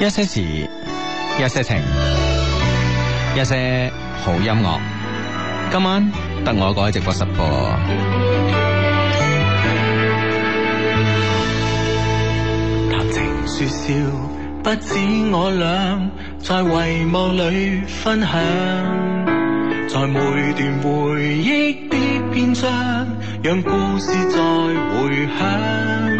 一些事，一些情，一些好音樂。今晚得我改直播十個。談甘情說笑，不止我倆，在帷幕裏分享，在每段回憶的篇章，讓故事再回響。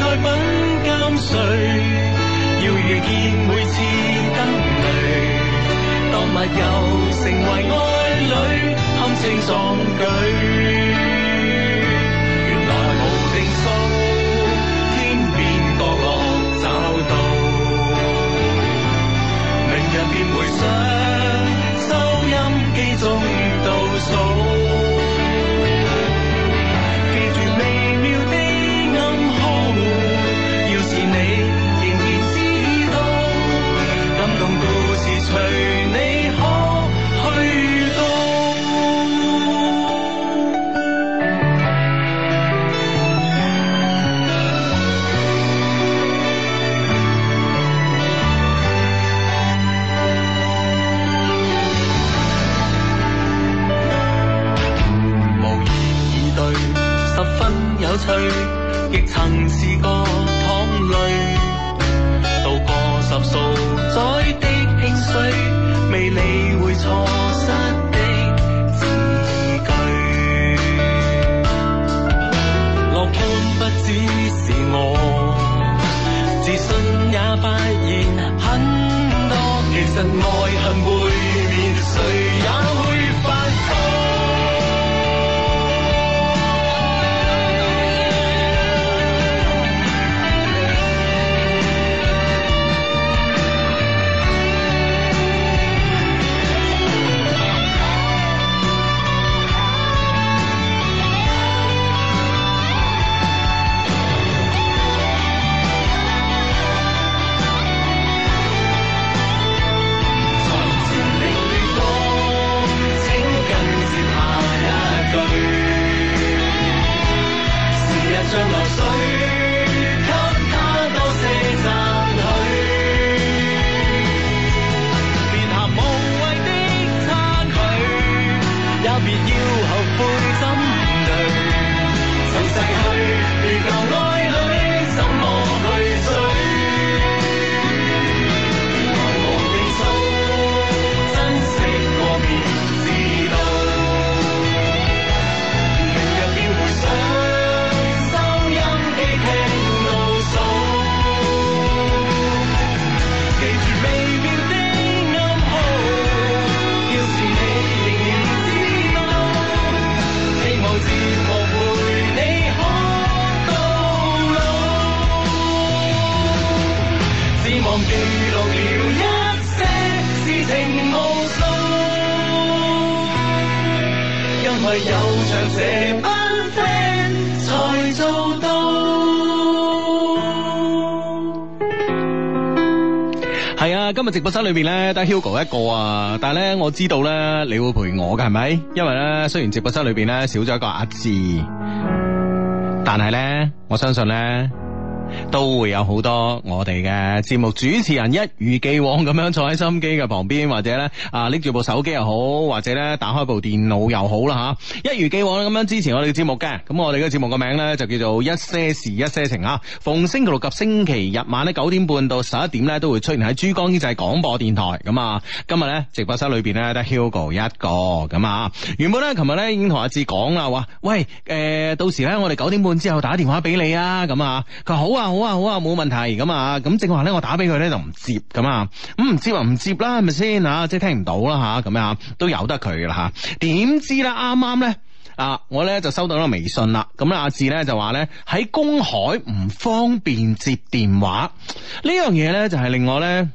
再品甘誰，要遇見每次燈淚，當密友成為愛侶，堪稱壯舉。亦曾試過淌淚，渡過十數載的興衰，未理會錯失的字句。樂觀不只是我，自信也發現很多。其實愛恨會。才做到，係啊，今日直播室裏邊咧，得 Hugo 一個啊，但係咧我知道咧你會陪我㗎係咪？因為咧雖然直播室裏邊咧少咗一個阿志，但係咧我相信咧。都會有好多我哋嘅節目主持人一如既往咁樣坐喺收音機嘅旁邊，或者咧啊拎住部手機又好，或者咧打開部電腦又好啦吓、啊，一如既往咁樣支持我哋嘅節目嘅。咁我哋嘅節目個名咧就叫做一些事一些情啊，逢星期六及星期日晚咧九點半到十一點咧都會出現喺珠江經濟廣播電台。咁啊，今日咧直播室裏邊咧得 Hugo 一個咁啊。原本咧琴日咧已經同阿志講啦，話喂誒、呃，到時咧我哋九點半之後打電話俾你啊。咁啊，佢話好啊好啊。好啊好啊好啊，冇問題咁啊，咁正話咧，我打俾佢咧就唔接咁啊，咁唔接話唔接啦，係咪先啊？即係聽唔到啦吓，咁樣都由得佢啦吓。點知咧，啱啱咧啊，我咧就收到一個微信啦，咁阿志咧就話咧喺公海唔方便接電話樣呢樣嘢咧，就係、是、令我咧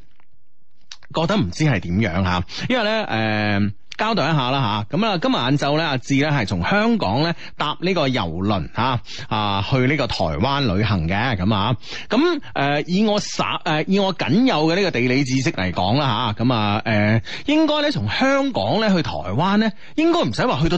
覺得唔知係點樣吓，因為咧誒。呃交代一下啦吓，咁啊今日晏晝咧，阿志咧係從香港咧搭呢個郵輪吓啊去呢個台灣旅行嘅咁啊，咁誒，以我十誒，以我僅有嘅呢個地理知識嚟講啦吓，咁啊誒、啊，應該咧從香港咧去台灣咧，應該唔使話去到。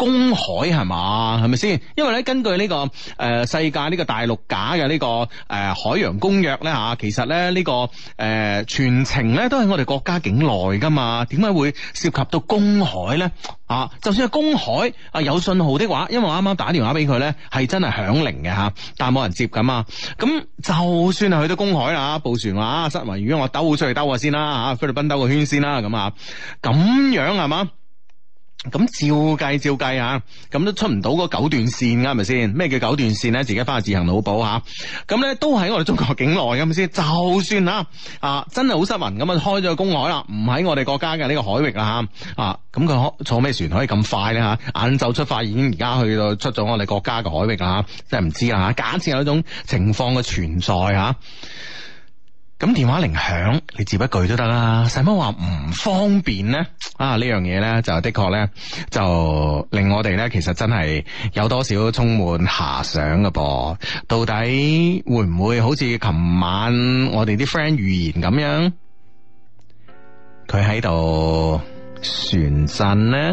公海係嘛，係咪先？因為咧，根據呢、這個誒、呃、世界呢個大陸架嘅呢個誒、呃、海洋公約咧吓、啊，其實咧、這、呢個誒、呃、全程咧都係我哋國家境內噶嘛，點解會涉及到公海咧？啊，就算係公海啊，有信號的話，因為我啱啱打電話俾佢咧，係真係響鈴嘅吓，但係冇人接噶嘛。咁就算係去到公海啦，布、啊、船話、啊、失迷嶼，我兜出去兜下先啦，吓、啊，菲律賓兜個圈先啦，咁啊，咁樣係嘛？咁照計照計吓，咁都出唔到個九段線噶，係咪先？咩叫九段線呢？自己翻去自行腦補吓。咁、啊、呢都喺我哋中國境內嘅，係咪先？就算啊啊，真係好失魂，咁啊，開咗個公海啦，唔喺我哋國家嘅呢個海域啦吓啊！咁、啊、佢坐咩船可以咁快呢？吓、啊？晏晝出發已經而家去到出咗我哋國家嘅海域啦、啊，真係唔知啦。假設有一種情況嘅存在吓。啊咁電話鈴響，你接一句都得啦，使乜話唔方便呢？啊呢樣嘢呢，就的確呢，就令我哋呢，其實真係有多少充滿遐想㗎噃。到底會唔會好似琴晚我哋啲 friend 預言咁樣？佢喺度傳真呢？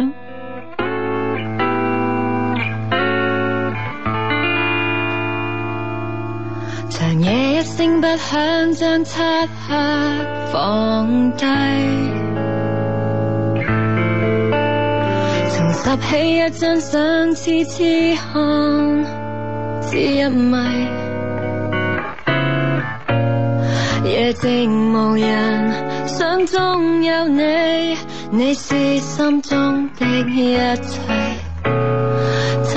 聲不響將漆黑放低，重拾起一張相，痴痴看，只一迷。夜靜無人，相中有你，你是心中的一切。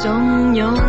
總有。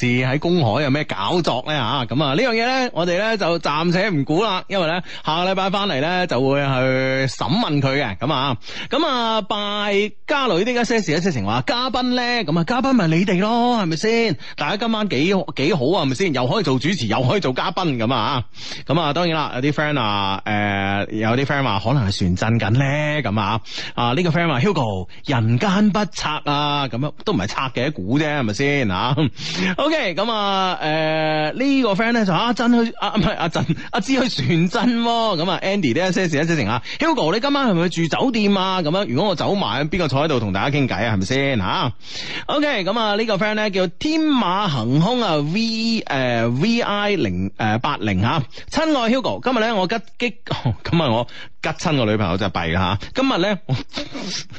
是喺公海有咩？炒作咧嚇，咁啊呢樣嘢咧，我哋咧就暫且唔估啦，因為咧下個禮拜翻嚟咧就會去審問佢嘅，咁啊，咁啊拜嘉蕾呢家一些事，一些情，話嘉賓咧，咁啊嘉賓咪你哋咯，係咪先？大家今晚幾幾好啊，係咪先？又可以做主持，又可以做嘉賓，咁啊，咁啊當然啦，有啲 friend 啊，誒、呃、有啲 friend 話可能係船震緊咧，咁啊啊呢、這個 friend 話、啊、Hugo 人間不拆啊，咁啊，都唔係拆嘅一估啫，係咪先啊？OK，咁啊誒。呃誒，呢個 friend 咧就阿珍去、啊，阿唔係阿振阿志去船真喎、啊，咁啊 Andy 呢，試一些事，一些成吓，Hugo 你今晚係咪去住酒店啊？咁樣如果我走埋，邊個坐喺度同大家傾偈啊？係咪先吓？OK，咁啊、這個、呢個 friend 咧叫天馬行空啊 V 誒、uh, V I 零誒八零吓，親愛 Hugo，今日咧我吉激咁啊、哦、我。吉親個女朋友就係弊啦吓，今日呢，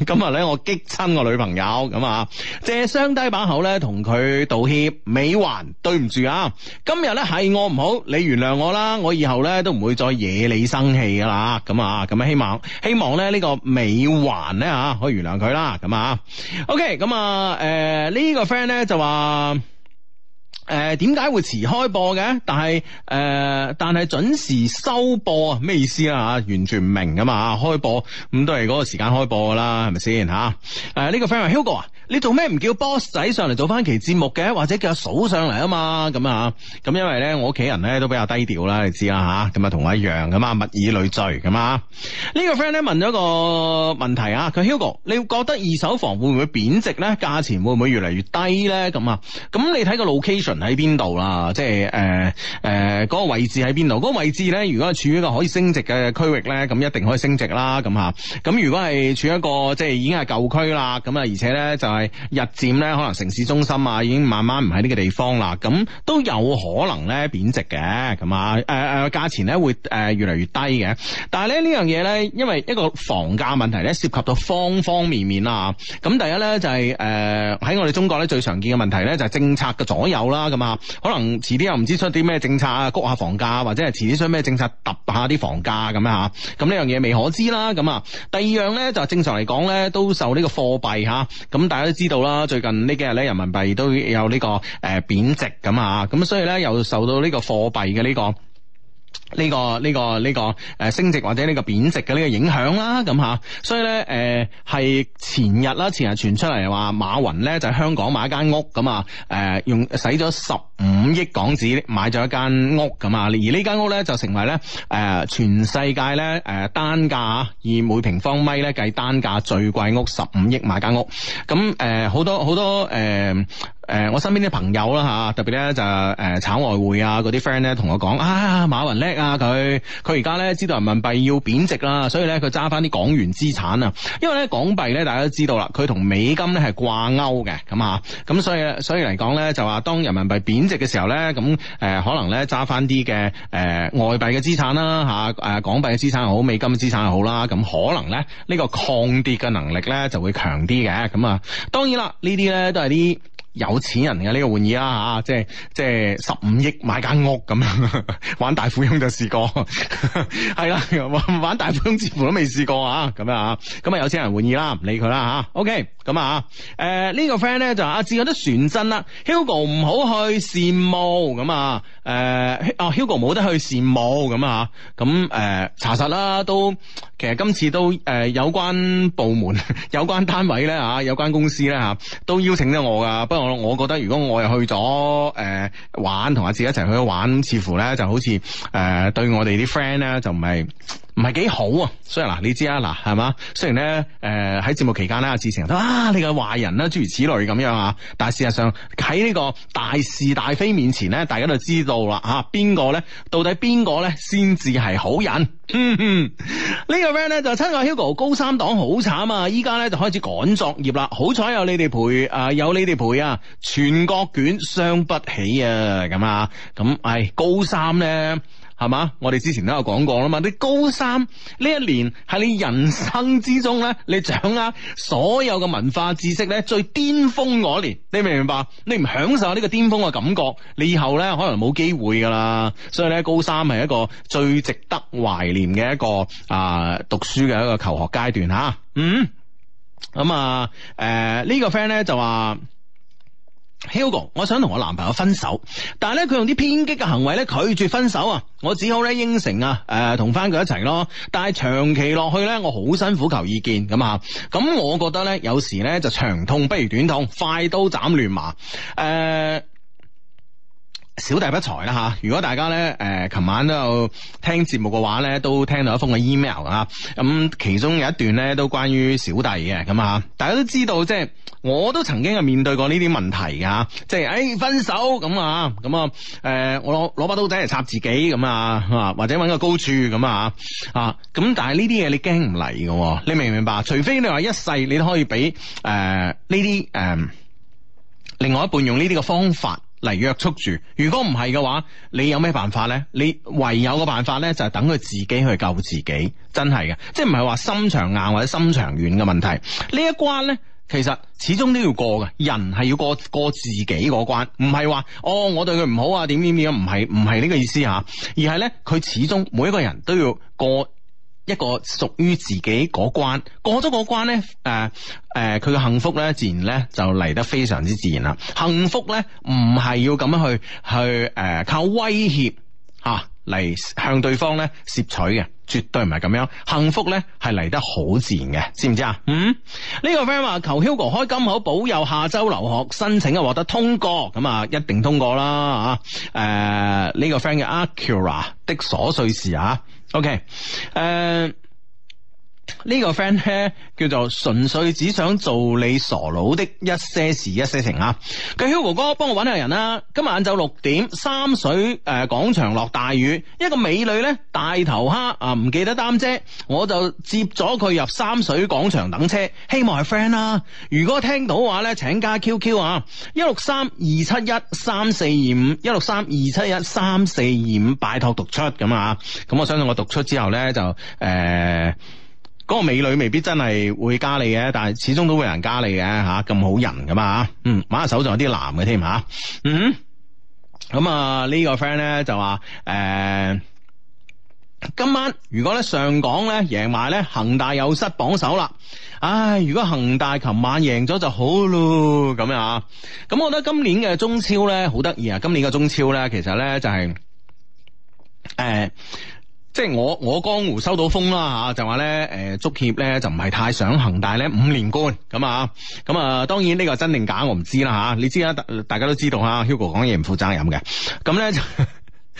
今日咧我激親個女朋友，咁啊 借雙低把口呢同佢道歉，美環對唔住啊，今日呢係我唔好，你原諒我啦，我以後呢都唔會再惹你生氣噶啦，咁啊咁啊希望希望咧呢個美環呢啊可以原諒佢啦，咁啊，OK，咁啊誒呢個 friend 呢就話。誒，點解、呃、會遲開播嘅？但係誒、呃，但係準時收播啊？咩意思啊？吓，完全唔明啊嘛！開播咁都係嗰個時間開播噶啦，係咪先吓？誒，呢個 friend 係 Hugo 啊。這個你做咩唔叫 boss 仔上嚟做翻期節目嘅，或者叫阿嫂上嚟啊嘛？咁啊，咁因為咧，我屋企人咧都比較低調啦，你知啦吓。咁啊，同我一樣噶嘛，物以類聚咁啊，呢個 friend 咧問咗個問題啊，佢 Hugo，你覺得二手房會唔會貶值咧？價錢會唔會越嚟越低咧？咁啊，咁你睇個 location 喺邊度啦？即係誒誒，呃呃嗰個位置喺邊度？嗰個位置咧，如果係處於一個可以升值嘅區域咧，咁一定可以升值啦。咁吓，咁如果係處於一個即係已經係舊區啦，咁啊，而且咧就係。就係日漸咧，可能城市中心啊，已經慢慢唔喺呢個地方啦。咁都有可能咧貶值嘅，咁啊誒價錢咧會誒、呃、越嚟越低嘅。但係咧呢樣嘢咧，因為一個房價問題咧，涉及到方方面面啦。咁、啊、第一咧就係誒喺我哋中國咧最常見嘅問題咧就係、是、政策嘅左右啦。咁啊，可能遲啲又唔知出啲咩政策啊，谷下房價，或者係遲啲出咩政策揼下啲房價咁樣嚇。咁呢樣嘢未可知啦。咁啊，第二樣咧就正常嚟講咧都受呢個貨幣嚇。咁、啊、大家。都知道啦，最近呢幾日咧，人民幣都有呢個誒貶值咁啊，咁所以咧又受到呢個貨幣嘅呢個。呢、這個呢、這個呢、這個誒、呃、升值，或者呢個貶值嘅呢個影響啦，咁吓，所以呢，誒、呃、係前日啦，前日傳出嚟話馬雲呢就喺、是、香港買一間屋咁啊，誒、呃、用使咗十五億港紙買咗一間屋咁啊，而呢間屋呢，就成為呢誒、呃、全世界呢誒、呃、單價以每平方米呢計單價最貴屋，十五億買間屋，咁誒好多好多誒。呃誒、呃，我身邊啲朋友啦嚇，特別咧就誒、呃、炒外匯啊嗰啲 friend 咧，同我講啊，馬雲叻啊，佢佢而家咧知道人民幣要貶值啦，所以咧佢揸翻啲港元資產啊，因為咧港幣咧大家都知道啦，佢同美金咧係掛鈎嘅咁啊，咁所以所以嚟講咧就話當人民幣貶值嘅時候咧，咁、呃、誒可能咧揸翻啲嘅誒外幣嘅資產啦嚇誒港幣嘅資產好，美金嘅資產又好啦，咁可能咧呢、呢個抗跌嘅能力咧就會強啲嘅咁啊。當然啦，呢啲咧都係啲。有錢人嘅呢、這個玩意啦吓、啊，即係即係十五億買間屋咁樣，玩大富翁就試過，係啦玩大富翁似乎都未試過啊，咁啊，咁啊有錢人玩意啦，唔理佢啦吓，OK，咁啊，誒呢個 friend 咧就阿志有得船真啦，Hugo 唔好去羨慕咁啊，誒、呃，啊、這個、Hugo 冇得去羨慕咁啊，咁誒查實啦，都其實今次都誒有關部門、有關單位咧啊、有關公司咧吓、啊，都邀請咗我㗎，我覺得如果我又去咗誒、呃、玩，同阿志一齊去咗玩，似乎咧就好似誒、呃、對我哋啲 friend 咧就唔係。唔係幾好啊，所以嗱，你知啊，嗱係嘛，雖然咧，誒喺節目期間咧，阿志成都話啊，你個壞人啦，諸如此類咁樣啊，但係事實上喺呢個大是大非面前咧，大家就知道啦，吓邊個咧，到底邊個咧先至係好人？嗯 嗯，呢個 friend 咧就親、是、愛 Hugo，高三黨好慘啊，依家咧就開始趕作業啦，好彩有你哋陪，啊、呃，有你哋陪啊，全國卷傷不起啊，咁啊，咁唉、哎、高三咧。係嘛？我哋之前都有講過啦嘛。你高三呢一年係你人生之中呢，你掌握所有嘅文化知識呢最巔峰嗰年，你明唔明白？你唔享受呢個巔峰嘅感覺，你以後呢可能冇機會噶啦。所以呢，高三係一個最值得懷念嘅一個啊讀書嘅一個求學階段吓、啊。嗯、咁、嗯、啊，誒、呃、呢、呢個 friend 呢就話。Hugo，我想同我男朋友分手，但係咧佢用啲偏激嘅行為咧拒絕分手啊，我只好咧應承啊，誒同翻佢一齊咯。但係長期落去咧，我好辛苦求意見咁啊。咁我覺得咧有時咧就長痛不如短痛，快刀斬亂麻誒、呃。小弟不才啦吓，如果大家咧誒琴晚都有聽節目嘅話咧，都聽到一封嘅 email 啊。咁其中有一段咧都關於小弟嘅咁啊。大家都知道即係。我都曾經係面對過呢啲問題嘅，即係誒分手咁啊，咁啊，誒、呃，我攞攞把刀仔嚟插自己咁啊，或者揾個高處咁啊，啊，咁但係呢啲嘢你驚唔嚟嘅？你明唔明白？除非你話一世你都可以俾誒呢啲誒另外一半用呢啲嘅方法嚟約束住。如果唔係嘅話，你有咩辦法咧？你唯有嘅辦法咧就係等佢自己去救自己，真係嘅，即係唔係話心腸硬或者心腸軟嘅問題呢一關咧。其實始終都要過嘅，人係要過過自己嗰關，唔係話哦我對佢唔好啊，點點點，唔係唔係呢個意思吓、啊，而係呢，佢始終每一個人都要過一個屬於自己嗰關，過咗嗰關、呃呃、呢，誒誒佢嘅幸福呢，自然呢就嚟得非常之自然啦。幸福呢，唔係要咁樣去去誒、呃、靠威脅吓。啊嚟向對方咧攝取嘅，絕對唔係咁樣。幸福咧係嚟得好自然嘅，知唔知啊？嗯、呢、這個 friend 話求 Hugo 開金口保佑下周留學申請啊獲得通過，咁啊一定通過啦嚇。誒、呃、呢、這個 friend 嘅 Acura 的瑣碎事嚇、啊、OK 誒、呃。個呢個 friend 咧叫做純粹只想做你傻佬的一些事一些情啊！咁 h 哥哥幫我揾下人啦，今晚晏晝六點，三水誒廣、呃、場落大雨，一個美女呢，大頭蝦啊唔記得擔遮，我就接咗佢入三水廣場等車，希望係 friend 啦、啊。如果聽到話呢，請加 QQ 啊，一六三二七一三四二五，一六三二七一三四二五，45, 45, 拜託讀出咁啊！咁、嗯、我相信我讀出之後呢，就誒。呃嗰個美女未必真係會加你嘅，但係始終都會有人加你嘅吓，咁、啊、好人㗎嘛吓，嗯，買下手仲有啲男嘅添吓，嗯、咁、嗯、啊、這個、呢個 friend 咧就話誒、欸，今晚如果咧上港咧贏埋咧，恒大又失榜首啦！唉，如果恒大琴晚贏咗就好咯，咁樣啊，咁、嗯、我覺得今年嘅中超咧好得意啊，今年嘅中超咧其實咧就係、是、誒。欸即係我我江湖收到風啦，嚇，就話咧誒，足協咧就唔係太想恒大咧五連冠咁啊，咁啊當然呢個真定假我唔知啦嚇、啊，你知啊大大家都知道啊，Hugo 講嘢唔負責任嘅咁咧。 咁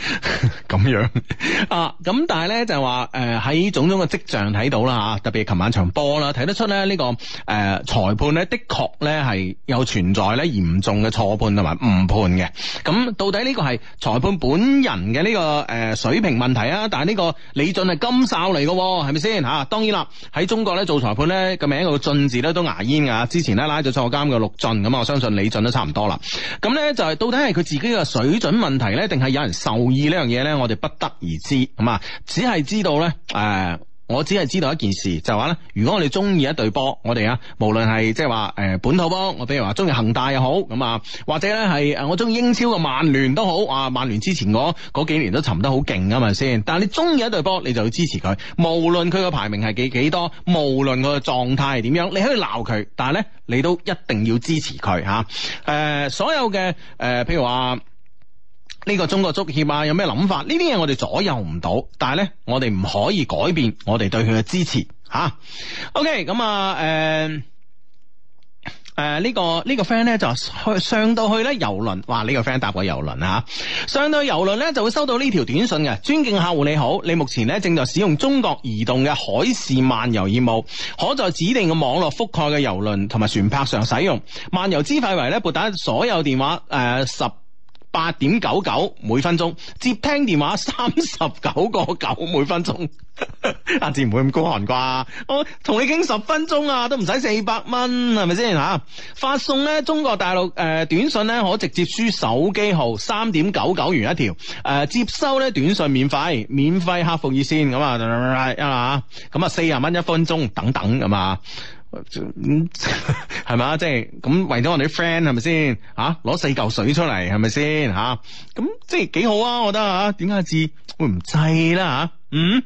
這樣 啊，咁但係呢，就係話誒喺種種嘅跡象睇到啦吓，特別係琴晚場波啦，睇得出咧，這、呢個誒、呃、裁判呢，的確呢係有存在呢嚴重嘅錯判同埋誤判嘅。咁到底呢個係裁判本人嘅呢，這個誒、呃、水平問題啊？但係呢個李俊係金哨嚟嘅係咪先吓？當然啦，喺中國呢做裁判咧，個名個俊字咧都牙煙噶。之前呢拉咗坐監嘅陸俊咁我相信李俊都差唔多啦。咁呢，就係，是、到底係佢自己嘅水準問題呢，定係有人受？意呢樣嘢呢，我哋不得而知，咁啊，只係知道呢，誒、呃，我只係知道一件事，就話、是、呢：如果我哋中意一隊波，我哋啊，無論係即係話誒本土波，我比如話中意恒大又好，咁啊，或者呢係誒我中意英超嘅曼聯都好，啊，曼聯之前嗰幾年都沉得好勁，係嘛。先？但係你中意一隊波，你就要支持佢，無論佢個排名係幾幾多，無論佢個狀態係點樣，你可以鬧佢，但係呢，你都一定要支持佢吓，誒、啊呃，所有嘅誒、呃，譬如話。呢個中國足協啊，有咩諗法？呢啲嘢我哋左右唔到，但係呢，我哋唔可以改變我哋對佢嘅支持。吓，OK，咁、嗯、啊，誒、嗯，誒、嗯，呢、嗯，這個呢、這個 friend 呢，就去上到去呢遊輪，哇！呢、這個 friend 搭過遊輪啊，上到去遊輪呢，就會收到呢條短信嘅。尊敬客戶你好，你目前呢，正在使用中國移動嘅海事漫遊業務，可在指定嘅網絡覆蓋嘅遊輪同埋船舶上使用漫遊資費為呢，撥打所有電話誒、呃、十。八點九九每分鐘接聽電話三十九個九每分鐘，阿志唔會咁高寒啩？我同你傾十分鐘啊，都唔使四百蚊，係咪先吓？發送咧中國大陸誒、呃、短信呢，可直接輸手機號，三點九九元一條。誒、呃，接收咧短信免費，免費客服熱線咁啊，咁啊四十蚊一分鐘等等咁啊。咁係咪，即係咁為咗我哋啲 friend 係咪先吓，攞、啊、四嚿水出嚟係咪先吓？咁、啊、即係幾好啊，我覺得啊，點解字會唔濟啦吓？嗯、呢、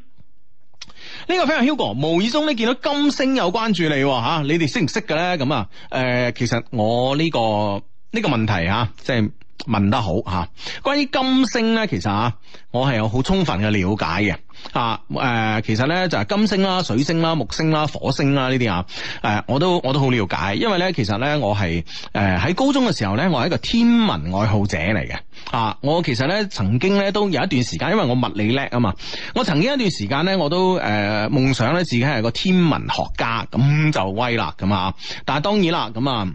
這個 friend Hugo，無意中呢見到金星有關注你吓、啊，你哋識唔識嘅咧？咁啊，誒，其實我呢、這個呢、這個問題吓、啊，即係問得好吓、啊。關於金星咧，其實啊，我係有好充分嘅了解嘅。啊，誒，其實咧就係金星啦、水星啦、木星啦、火星啦呢啲啊，誒，我都我都好了解，因為咧其實咧我係誒喺高中嘅時候咧，我係一個天文愛好者嚟嘅啊，我其實咧曾經咧都有一段時間，因為我物理叻啊嘛，我曾經一段時間咧我都誒夢想咧自己係個天文學家，咁就威啦咁啊，但係當然啦咁啊。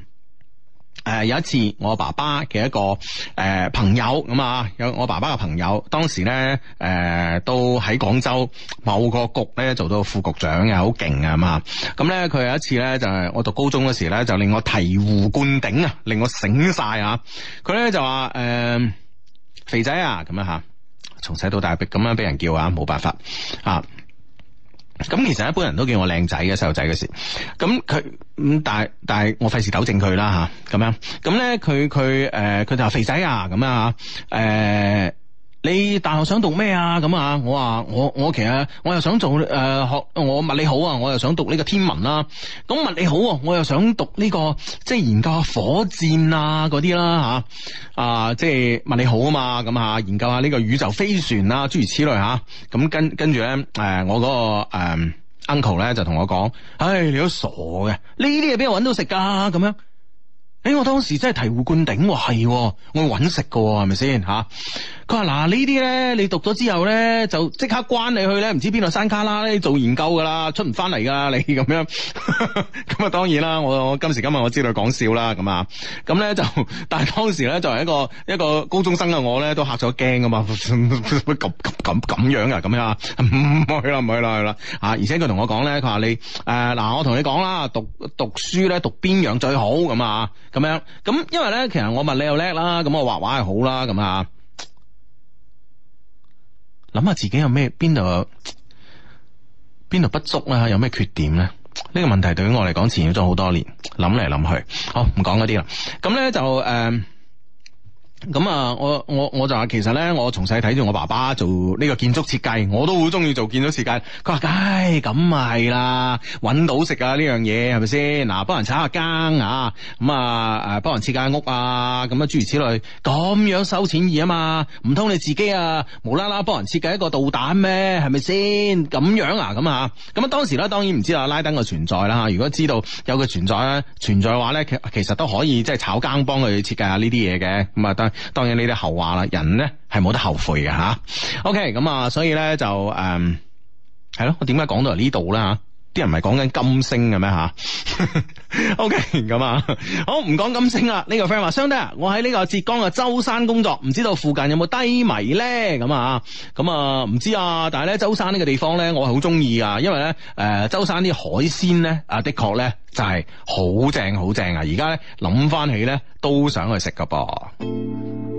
誒、呃，有一次我爸爸嘅一個誒、呃、朋友咁啊,有我爸爸嘅朋友，當時咧誒、呃、都喺廣州某個局咧做到副局長啊，好勁啊嘛。咁咧佢有一次咧就係我讀高中嗰時咧就令我醍醐灌頂啊，令我醒晒啊。佢咧就話誒、呃，肥仔啊咁樣吓、啊，從細到大咁樣俾人叫啊，冇辦法啊。咁其實一般人都叫我靚仔嘅細路仔嗰時，咁佢咁，但係但係我費事糾正佢啦嚇，咁樣咁咧佢佢誒佢就話肥仔啊咁樣嚇誒。你大學想讀咩啊？咁啊，我話我我其實我又想做誒、呃、學我物理好啊，我又想讀呢個天文啦。咁、啊、物理好，啊，我又想讀呢、這個即係研究下火箭啊嗰啲啦吓。啊，即係物理好啊嘛，咁啊研究下呢個宇宙飛船啊諸如此類吓。咁、啊、跟跟住咧，誒、呃、我嗰、那個誒、呃、uncle 咧就同我講：，唉，你都傻嘅，呢啲嘢邊度我搵到食噶？咁、啊、樣，誒、欸、我當時真係醍醐灌頂，係我搵食噶係咪先吓？是佢話嗱呢啲咧，你讀咗之後咧，就即刻關你去咧，唔知邊度山卡啦，咧做研究噶啦，出唔翻嚟噶啦，你咁樣咁啊，當然啦，我我今時今日我知道你講笑啦，咁啊，咁咧就，但係當時咧作為一個一個高中生嘅我咧，都吓咗驚噶嘛，會咁咁咁樣啊，咁樣啊，唔去啦，唔去啦，係啦，啊，而且佢同我講咧，佢話你誒嗱，我同你講啦，讀讀書咧，讀邊樣最好咁啊，咁樣，咁因為咧，其實我物理又叻啦，咁我畫畫又好啦，咁啊。諗下自己有咩邊度邊度不足啦、啊，有咩缺點咧、啊？呢、這個問題對於我嚟講，纏繞咗好多年，諗嚟諗去，好唔講嗰啲啦。咁咧就誒。Uh 咁啊、嗯，我我我就話其實咧，我從細睇住我爸爸做呢個建築設計，我都好中意做建築設計。佢話：，唉，咁咪啦，搵到食啊呢樣嘢，係咪先？嗱，幫人炒下更啊，咁、嗯、啊，誒，幫人設計屋啊，咁啊，諸如此類，咁樣收錢易啊嘛。唔通你自己啊，無啦啦幫人設計一個導彈咩？係咪先？咁樣啊，咁、嗯、啊，咁啊，當時咧，當然唔知道拉登嘅存在啦。吓，如果知道有佢存在咧，存在嘅話咧，其其實都可以即係炒更幫佢設計下呢啲嘢嘅。咁啊，但。當然你哋後話啦，人咧係冇得後悔嘅吓、啊。OK，咁、嗯、啊，所以咧就誒，係、嗯、咯，我點解講到嚟呢度咧吓？啲人唔係講緊金星嘅咩吓？OK，咁啊，好唔講金星啊。呢個 friend 話，兄弟，我喺呢個浙江嘅舟山工作，唔知道附近有冇低迷咧？咁啊，咁啊，唔知啊。但係咧，舟山呢個地方咧，我係好中意啊！因為咧，誒、呃，舟山啲海鮮咧，啊，的確咧就係好正，好正啊！而家咧諗翻起咧，都想去食嘅噃。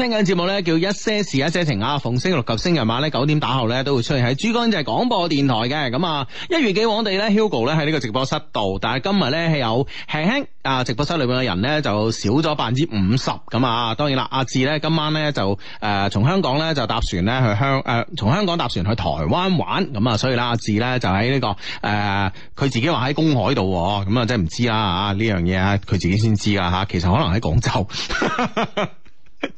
聽緊節目咧叫一些事一些情啊！逢星六及星日晚咧九點打後咧都會出現喺珠江就係廣播電台嘅咁啊！一如既往地咧 Hugo 咧喺呢個直播室度，但係今日咧係有輕輕啊，直播室裏邊嘅人咧就少咗百分之五十咁啊！當然啦，阿志咧今晚咧就誒從香港咧就搭船咧去香誒從香港搭船去台灣玩咁啊！所以啦，阿志咧就喺呢個誒佢自己話喺公海度咁啊！真係唔知啦啊，呢樣嘢啊，佢自己先知噶吓，其實可能喺廣州。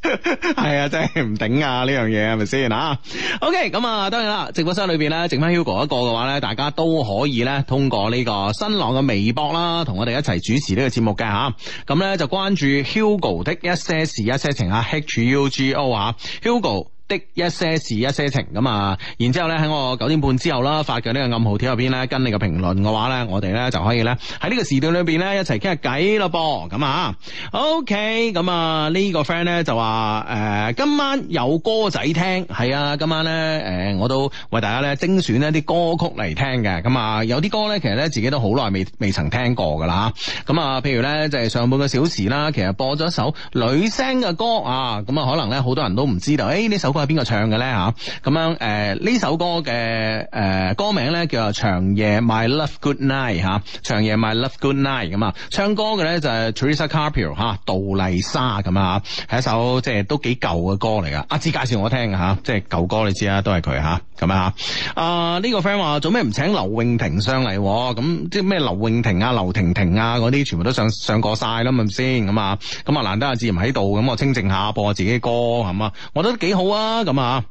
係 啊，真係唔頂啊呢樣嘢係咪先啊？OK，咁、嗯、啊，當然啦，直播室裏邊呢，剩翻 Hugo 一個嘅話呢，大家都可以呢，通過呢個新浪嘅微博啦，同我哋一齊主持呢個節目嘅吓。咁、啊、呢，就關注 Hugo 的一些事一些情啊，H U G O 啊，Hugo。的一些事一些情咁啊，然之後咧喺我九點半之後啦發嘅呢個暗號貼入邊咧，跟你嘅評論嘅話咧，我哋咧就可以咧喺呢個時段裏邊咧一齊傾下偈咯噃。咁啊，OK，咁啊，呢個 friend 咧就話誒今晚有歌仔聽，係啊，今晚咧誒我都為大家咧精選一啲歌曲嚟聽嘅。咁啊，有啲歌咧其實咧自己都好耐未未曾聽過㗎啦嚇。咁啊，譬如咧就係上半個小時啦，其實播咗一首女聲嘅歌啊，咁啊可能咧好多人都唔知道，誒呢首歌。邊個唱嘅咧吓，咁樣誒呢、呃、首歌嘅誒、呃、歌名咧叫做《長夜 My Love Good Night》吓、啊，長夜 My Love Good Night 咁啊，唱歌嘅咧就係 Teresa Carpio 吓、啊，杜麗莎咁啊吓，係一首即係都幾舊嘅歌嚟噶，阿、啊、芝介紹我聽吓、啊，即係舊歌你知啊，都係佢吓。係啊？啊呢、這個 friend 話做咩唔請劉詠婷上嚟？咁啲咩劉詠婷啊、劉婷婷啊嗰啲，啊亭亭啊、全部都上上過晒啦，咪先？咁啊，咁啊難得阿志唔喺度，咁我清靜下播下自己歌，係嘛，我覺得幾好啊。咁啊，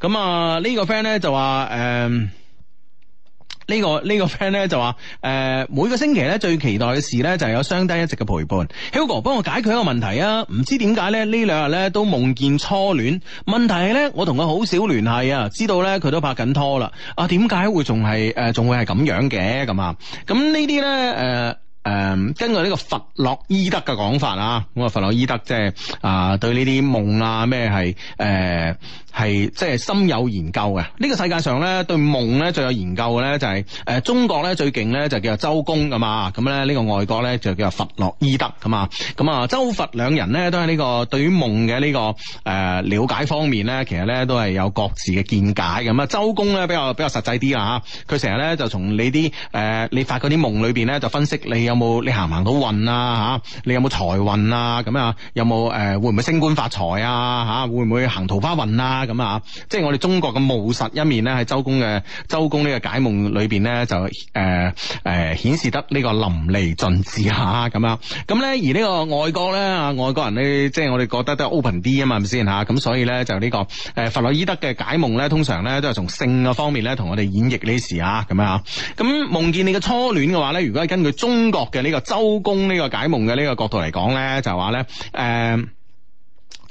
咁啊、這個、呢個 friend 咧就話誒。呃呢個呢個 friend 咧就話，誒、呃，每個星期咧最期待嘅事咧就係有相低一直嘅陪伴。Hugo，幫我解決一個問題啊，唔知點解咧呢兩日咧都夢見初戀，問題係咧我同佢好少聯繫啊，知道咧佢都拍緊拖啦，啊，點解會仲係誒仲會係咁樣嘅咁啊？咁呢啲咧誒誒，根據呢個弗洛伊德嘅講法啊，咁啊弗洛伊德即係啊對呢啲夢啊咩係誒。係即係深有研究嘅，呢、這個世界上呢，對夢呢最有研究嘅呢、就是，就係誒中國呢最勁呢，就叫做周公咁啊，咁咧呢個外國呢，就叫做弗洛伊德咁啊，咁、嗯、啊周佛兩人呢，都係呢、這個對於夢嘅呢、這個誒、呃、了解方面呢，其實呢都係有各自嘅見解咁啊。周公呢比較比較實際啲啊，佢成日呢，就從你啲誒、呃、你發嗰啲夢裏邊呢，就分析你有冇你行唔行到運啊吓，你有冇財運啊咁啊，有冇誒、呃、會唔會升官發財啊吓、啊啊，會唔會行桃花運啊？啊咁啊，即係我哋中國嘅務實一面咧，喺周公嘅周公呢個解夢裏邊咧，就誒誒顯示得呢個淋漓盡致吓咁啊！咁咧而呢個外國咧，外國人咧，即係我哋覺得都 open 啲啊嘛，係咪先吓？咁所以咧就呢個誒弗洛伊德嘅解夢咧，通常咧都係從性嘅方面咧同我哋演繹呢事啊咁啊！咁夢見你嘅初戀嘅話咧，如果係根據中國嘅呢個周公呢個解夢嘅呢個角度嚟講咧，就話咧誒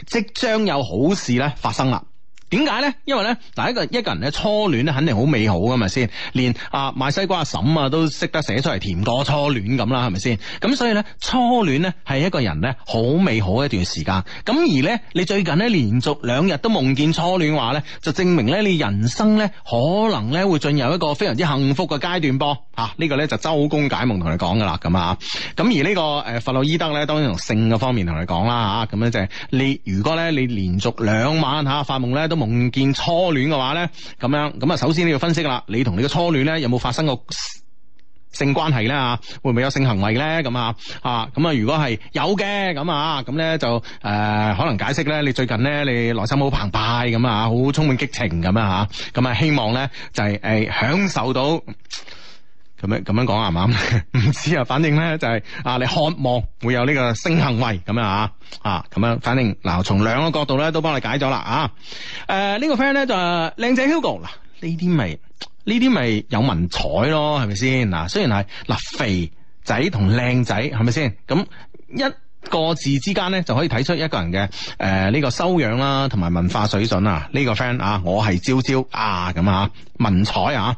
即將有好事咧發生啦。點解呢？因為呢，嗱一個一個人咧，初戀咧，肯定好美好噶嘛，先連啊賣西瓜阿嬸啊都識得寫出嚟甜過初戀咁啦，係咪先？咁所以呢，初戀呢，係一個人呢，好美好嘅一段時間。咁而呢，你最近呢，連續兩日都夢見初戀話呢，就證明呢，你人生呢，可能呢，會進入一個非常之幸福嘅階段噃。啊，呢個呢，就周公解夢同你講噶啦，咁啊，咁而呢個誒佛洛伊德呢，當然從性嘅方面同你講啦。啊，咁咧就係你如果呢，你連續兩晚吓發夢咧都。夢見初戀嘅話呢，咁樣咁啊，首先你要分析啦，你同你嘅初戀呢，有冇發生過性關係呢？啊？會唔會有性行為呢？咁啊啊，咁啊，如果係有嘅，咁啊，咁呢就誒，可能解釋呢。你最近呢，你內心好澎湃咁啊，好充滿激情咁啊，吓咁啊，希望呢就係享受到。咁樣咁 樣講啱唔啱？唔知啊，反正咧就係啊，你渴望會有呢個性行為咁樣啊啊，咁樣，反正嗱，從兩個角度咧都幫你解咗啦啊。誒、啊，呢、這個 friend 咧就係靚仔 Hugo，嗱呢啲咪呢啲咪有文采咯，係咪先嗱？雖然係嗱、啊、肥仔同靚仔係咪先？咁、啊、一個字之間咧就可以睇出一個人嘅誒呢個修養啦，同埋文化水準啊。呢、這個 friend 啊，我係朝朝啊咁啊，文采啊。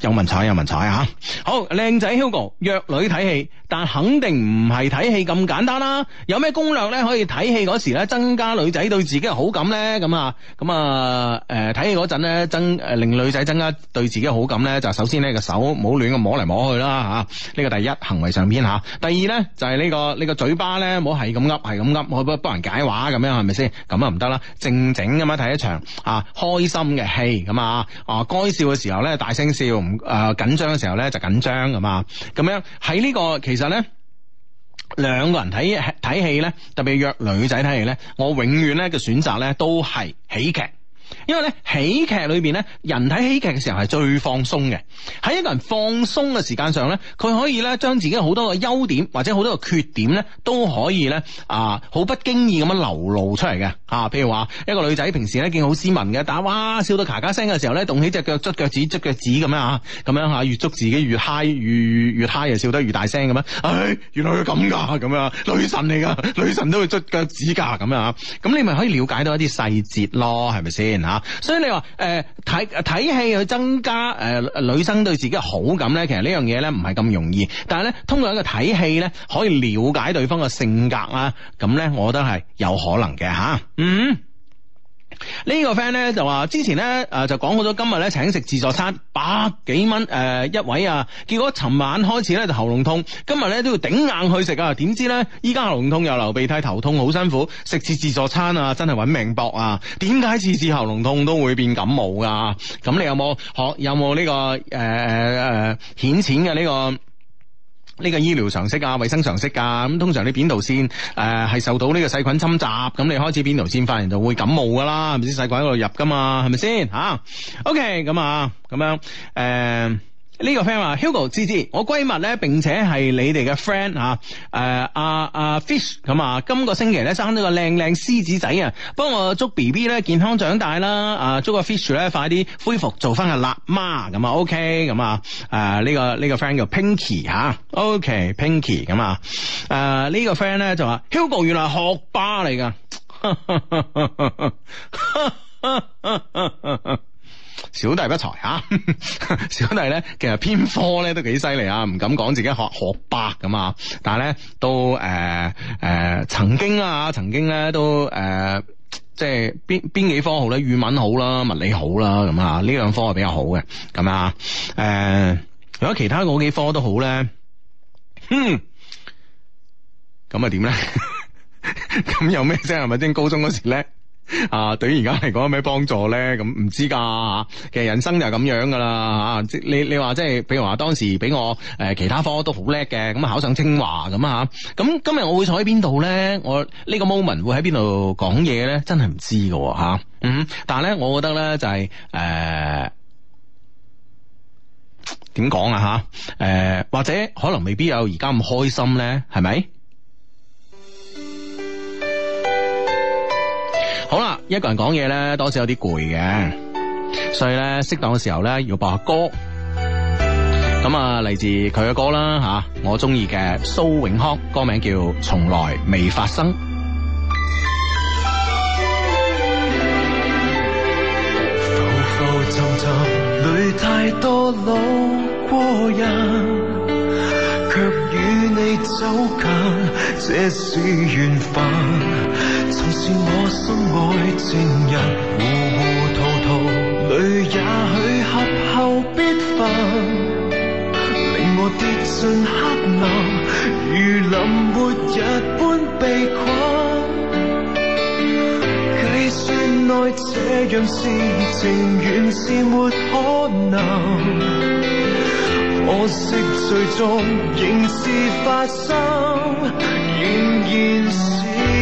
有文采，有文采吓，啊、好，靚仔 Hugo 約女睇戲。但肯定唔係睇戲咁簡單啦，有咩攻略咧可以睇戲嗰時咧增加女仔對自己嘅好感咧？咁、嗯、啊，咁、呃、啊，誒睇戲嗰陣咧增誒、呃、令女仔增加對自己嘅好感咧，就是、首先咧個手唔好亂咁摸嚟摸去啦吓，呢、啊這個第一行為上邊吓、啊。第二咧就係、是、呢、這個呢、這個嘴巴咧，唔好係咁噏係咁噏，可唔可以幫人解話咁樣係咪先？咁啊唔得啦，靜靜噉樣睇一場啊開心嘅戲咁啊，啊該、啊啊、笑嘅時候咧大聲笑，唔誒緊張嘅時候咧就緊張咁啊，咁、啊、樣喺呢、這個其實。其實咧，兩個人睇睇戲咧，特別約女仔睇戲咧，我永遠咧嘅選擇咧都係喜劇。因為咧喜劇裏邊咧，人睇喜劇嘅時候係最放鬆嘅。喺一個人放鬆嘅時間上咧，佢可以咧將自己好多嘅優點或者好多嘅缺點咧都可以咧啊，好不經意咁樣流露出嚟嘅啊。譬如話一個女仔平時咧見好斯文嘅，但係哇笑到咔咔聲嘅時候咧，動起隻腳捽腳趾捽腳趾咁樣啊，咁樣嚇、啊、越捽自己越嗨，越越，越嗨就笑得越大聲咁樣、啊。唉、哎，原來佢咁㗎，咁樣、啊、女神嚟㗎，女神都會捽腳趾㗎咁樣啊，咁、啊啊啊、你咪可以了解到一啲細節咯，係咪先嚇？所以你話誒睇睇戲去增加誒、呃、女生對自己好感咧，其實呢樣嘢咧唔係咁容易，但係咧通過一個睇戲咧可以了解對方嘅性格啊，咁咧我覺得係有可能嘅吓，嗯。呢個 friend 咧就話之前呢，誒、呃、就講好咗今日呢請食自助餐百幾蚊誒一位啊，結果尋晚開始呢就喉嚨痛，今日呢都要頂硬去食啊，點知呢，依家喉嚨痛又流鼻涕頭痛好辛苦，食次自助餐啊真係揾命搏啊！點解次次喉嚨痛都會變感冒噶、啊？咁你有冇學有冇呢個誒誒誒顯淺嘅呢個？呃呃呢個醫療常識啊，衞生常識啊，咁，通常你扁桃腺誒係受到呢個細菌侵襲，咁你開始扁桃腺發炎就會感冒噶啦，係咪先 細菌喺度入噶嘛，係咪先吓 OK 咁啊，咁、okay, 樣誒、啊。呢個 friend 話 Hugo 之之，go, igi，我閨蜜咧，並且係你哋嘅 friend 啊，誒阿阿 Fish 咁啊，今個星期咧生咗個靚靚獅子仔啊，幫我祝 BB 咧健康長大啦，啊祝個 Fish 咧、啊、快啲恢復做翻、啊 OK，啊啊這個辣媽咁啊 OK 咁啊誒呢、啊這個呢個 friend 叫 Pinky 嚇，OK Pinky 咁啊誒呢個 friend 咧就話 Hugo 原來係學霸嚟㗎。 小弟不才哈、啊，小弟咧其實偏科咧都幾犀利啊，唔敢講自己學學霸咁啊，但係咧都誒誒、呃呃、曾經啊，曾經咧都誒、呃、即係邊邊幾科好咧？語文好啦，物理好啦咁啊，呢兩科係比較好嘅。咁啊，誒、呃、如果其他嗰幾科都好咧，嗯、咁啊點咧？咁 有咩聲係咪先？是是高中嗰時叻？ 啊，對於而家嚟講有咩幫助呢？咁唔知噶，其實人生就係咁樣噶啦吓。嗯啊、你你即你你話即係，比如話當時俾我誒、呃、其他科都好叻嘅，咁考上清華咁啊。咁、啊、今日我會坐喺邊度呢？我呢個 moment 會喺邊度講嘢呢？真係唔知噶吓、啊。嗯，但係呢，我覺得呢就係誒點講啊吓？誒、啊，或者可能未必有而家咁開心呢，係咪？一個人講嘢咧，多少有啲攰嘅，所以咧適當嘅時候咧，要播下歌。咁啊，嚟自佢嘅歌啦吓，我中意嘅蘇永康，歌名叫《從來未發生》。浮浮沉沉裏太多路過人，卻與你走近，這是緣分。曾是我心愛情人，糊糊塗塗裏，也許合後必分，令我跌進黑暗，如臨末日般被困。計算內這樣事情原是沒可能，可惜最終仍是發生，仍然是。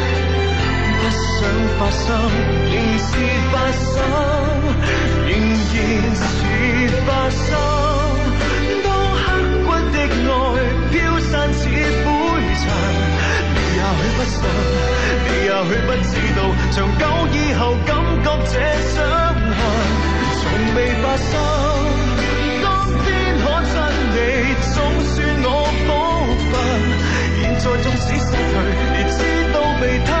想發生，仍是發生，仍然是發生。當刻骨的愛飄散似灰塵，你也許不信，你也許不知道，長久以後感覺這傷痕從未發生。當天可真你，總算我福分。現在縱使失去，亦知道被他。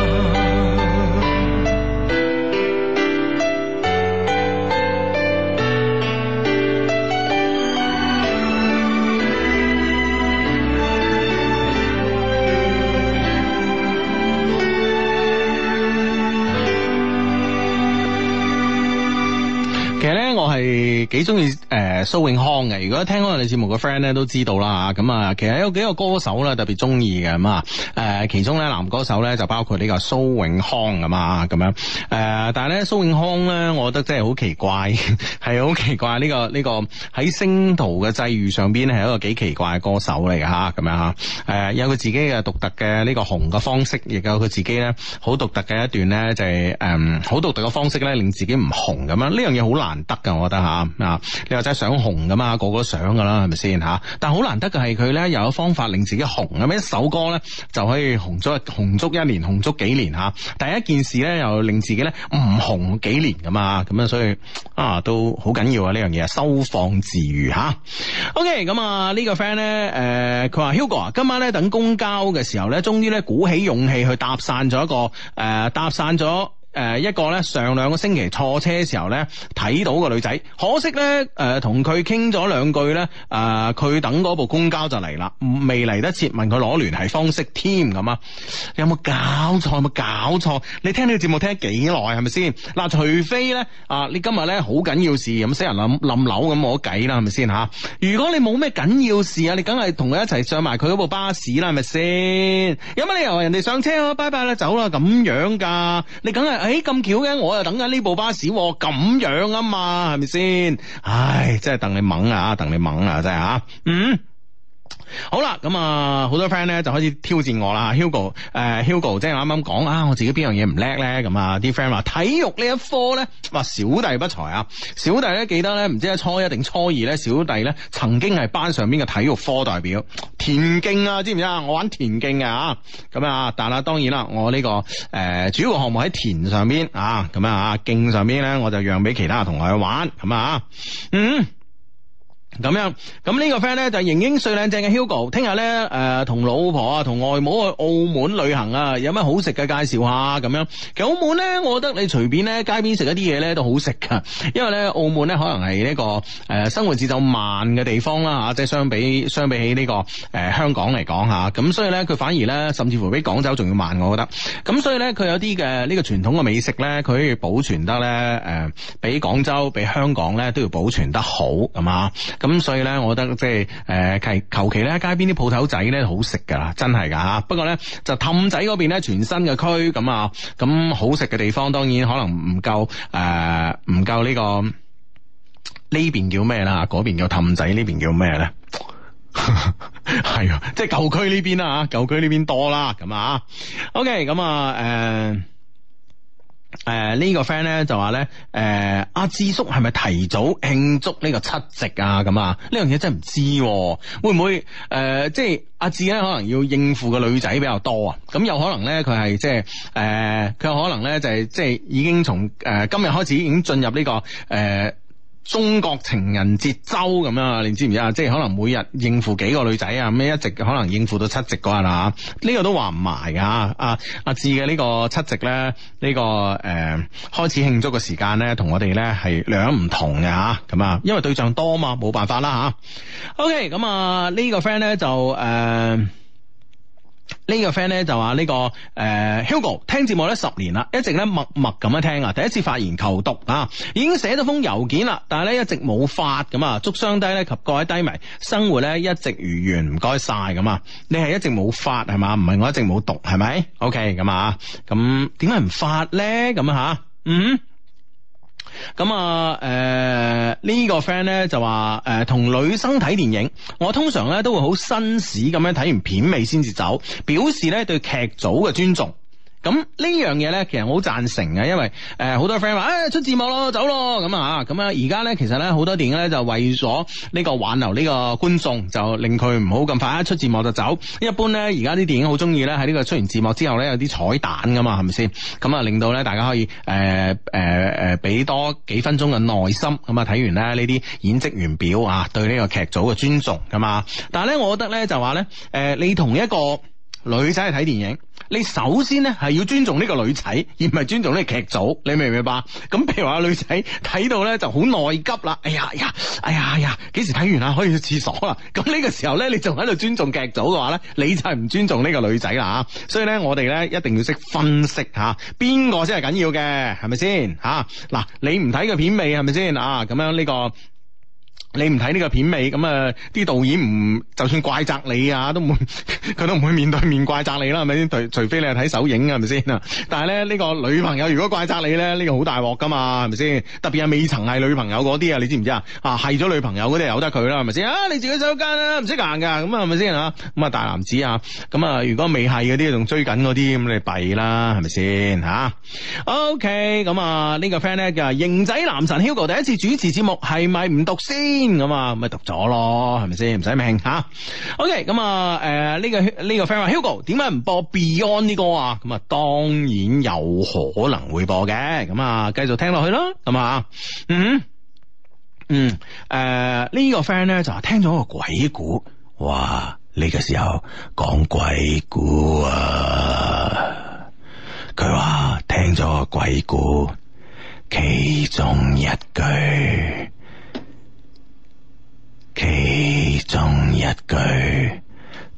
幾中意誒。蘇永康嘅，如果聽我哋節目嘅 friend 咧，都知道啦，吓，咁啊，其實有幾個歌手咧特別中意嘅，咁啊，誒、呃，其中咧男歌手咧就包括呢個蘇永康咁啊咁樣，誒、呃，但係咧蘇永康咧，我覺得真係好奇怪，係 好奇怪，呢、呢個呢、呢個喺星途嘅際遇上邊咧係一個幾奇怪嘅歌手嚟嘅吓，咁、啊、樣吓，誒、啊，有佢自己嘅獨特嘅呢個紅嘅方式，亦有佢自己咧好獨特嘅一段咧就係、是，誒、嗯，好獨特嘅方式咧令自己唔紅咁樣，呢樣嘢好難得噶，我覺得吓，啊，你、這、話、個、真係想。紅噶嘛，個個都想噶啦，係咪先吓？但好難得嘅係佢咧，又有方法令自己紅咁，一首歌咧就可以紅咗，紅足一年，紅足幾年吓、啊。但一件事咧，又令自己咧唔紅幾年噶嘛，咁啊，所以啊，都好緊要啊呢樣嘢，收放自如吓、啊。OK，咁、嗯、啊、這個、呢個 friend 咧，誒、呃，佢話 Hugo 啊，go，今晚咧等公交嘅時候咧，終於咧鼓起勇氣去搭訕咗一個誒、呃，搭訕咗。誒，一個咧上兩個星期坐車時候咧睇到個女仔，可惜咧誒同佢傾咗兩句咧，誒、呃、佢等嗰部公交就嚟啦，未嚟得切，問佢攞聯繫方式添咁啊？你有冇搞錯？有冇搞錯？你聽呢個節目聽幾耐，係咪先？嗱、啊，除非咧啊，你今日咧好緊要事咁，死人冧冧樓咁冇計啦，係咪先吓？如果你冇咩緊要事啊，你梗係同佢一齊上埋佢嗰部巴士啦，係咪先？有乜理由人哋上車啊？拜拜啦，走啦咁樣噶？你梗係。誒咁、哎、巧嘅，我又等緊呢部巴士、啊，咁樣啊嘛，係咪先？唉，真係戥你懵啊，戥你懵啊，真係吓、啊、嗯。好啦，咁啊，好多 friend 咧就開始挑戰我啦，呃。Hugo，誒，Hugo，即係啱啱講啊，我自己邊樣嘢唔叻咧？咁啊，啲 friend 話體育呢一科咧，話小弟不才啊。小弟咧記得咧，唔知係初一定初二咧，小弟咧曾經係班上邊嘅體育科代表，田徑啊，知唔知啊？我玩田徑嘅啊，咁啊，但係當然啦，我呢、呢個誒、呃、主要項目喺田上邊啊，咁啊，啊，徑、啊、上邊咧我就讓俾其他同學去玩咁啊，嗯。咁樣，咁、這個、呢個 friend 咧就型英帥靚正嘅 Hugo，聽日咧誒同老婆啊同外母去澳門旅行啊，有乜好食嘅介紹下咁樣。其實澳門咧，我覺得你隨便咧街邊食一啲嘢咧都好食噶，因為咧澳門咧可能係呢、這個誒、呃、生活節奏慢嘅地方啦嚇，即係相比相比起呢、這個誒、呃、香港嚟講嚇，咁、啊、所以咧佢反而咧甚至乎比廣州仲要慢，我覺得。咁、啊、所以咧佢有啲嘅呢個傳統嘅美食咧，佢可以保存得咧誒、呃，比廣州比香港咧都要保存得好咁啊。嗯咁所以咧，我覺得即係誒，係求其咧，街邊啲鋪頭仔咧好食噶啦，真係噶嚇。不過咧，就氹仔嗰邊咧全新嘅區，咁啊，咁好食嘅地方當然可能唔夠誒，唔、呃、夠呢、呢個呢邊叫咩啦？嗰邊叫氹仔，呢邊叫咩咧？係 啊，即、就、係、係、舊區呢邊啦、啊、嚇，舊區呢邊多啦咁啊。OK，咁啊誒。呃誒，呢、呃，這個 friend 咧就話咧，誒、呃，阿、啊、志叔係咪提早慶祝呢個七夕啊？咁啊，呢樣嘢，真係唔知，會唔會誒，即係阿志咧可能要應付嘅女仔比較多啊？咁、嗯、有可能咧，佢係即係誒，佢、呃、有可能咧就係、是、即係已經從誒、呃、今日開始已經進入呢、這個誒。呃中國情人節周咁啊，你知唔知啊？即係可能每日應付幾個女仔啊，咩一直可能應付到七夕嗰日啊。呢、呢個都話唔埋嘅吓。阿志嘅呢個七夕呢，呢、呢個誒、呃、開始慶祝嘅時間呢，我呢同我哋呢係兩唔同嘅吓。咁啊，因為對象多嘛，冇辦法啦吓、啊。OK，咁、嗯、啊、呢個、呢個 friend 呢就誒。呃呢個 friend 咧就話呢個誒、呃、Hugo 聽節目咧十年啦，一直咧默默咁樣聽啊，第一次發言求讀啊，已經寫咗封郵件啦，但係咧一直冇發咁啊，祝傷低咧及各位低迷，生活咧一直如願唔該晒咁啊，你係一直冇發係嘛？唔係我一直冇讀係咪？OK 咁啊，咁點解唔發咧？咁啊吓，嗯。咁啊，誒、嗯，呢、這個 friend 咧就話，誒、呃，同女生睇電影，我通常咧都會好紳士咁樣睇完片尾先至走，表示咧對劇組嘅尊重。咁呢樣嘢呢，其實好贊成啊，因為誒、呃、好多 friend 話誒出字幕咯，走咯，咁啊，咁啊，而家呢，其實呢，好多電影呢，就為咗呢個挽留呢個觀眾，就令佢唔好咁快一出字幕就走。一般呢，而家啲電影好中意呢，喺呢個出完字幕之後呢，有啲彩蛋噶嘛，係咪先？咁啊令到呢，大家可以誒誒誒俾多幾分鐘嘅耐心咁啊睇完呢呢啲演職員表啊，對呢個劇組嘅尊重噶嘛、啊。但係呢，我覺得呢，就話呢，誒、呃、你同一個女仔去睇電影。你首先咧係要尊重呢個女仔，而唔係尊重呢個劇組。你明唔明白？咁譬如話，女仔睇到咧就好內急啦，哎呀哎呀，哎呀哎呀，幾時睇完啦？可以去廁所啦。咁呢個時候咧，你仲喺度尊重劇組嘅話咧，你就係唔尊重呢個女仔啦。吓，所以咧，我哋咧一定要識分析吓，邊個先係緊要嘅？係咪先？吓嗱，你唔睇個片尾係咪先？啊，咁樣呢、呢個。你唔睇呢個片尾，咁、嗯、啊，啲導演唔就算怪責你啊，都唔會佢 都唔會面對面怪責你啦、啊，係咪先？除非你係睇首映，係咪先啊？但係咧呢、呢個女朋友如果怪責你咧，呢、呢個好大鑊噶嘛，係咪先？特別係未曾係女朋友嗰啲啊，你知唔知啊？啊係咗女朋友嗰啲由得佢啦，係咪先啊？你自己走間啦，唔使行噶，咁啊係咪先啊？咁啊、嗯、大男子啊，咁啊如果未係嗰啲仲追緊嗰啲，咁你弊啦，係咪先？吓、啊、，OK，咁、嗯、啊、呢個、呢個 friend 咧嘅型仔男神 Hugo 第一次主持節目，係咪唔讀先？咁啊，咪讀咗咯，係咪先？唔使命吓。OK，咁啊，誒、呃，呢、這個呢、這個 friend 話，Hugo 點解唔播 Beyond 呢歌啊？咁啊，當然有可能會播嘅。咁啊，繼續聽落去啦。咁啊，嗯嗯，誒、呃，呢、這個 friend 咧就話聽咗個鬼故，哇！呢、這個時候講鬼故啊，佢話聽咗個鬼故，其中一句。其中一句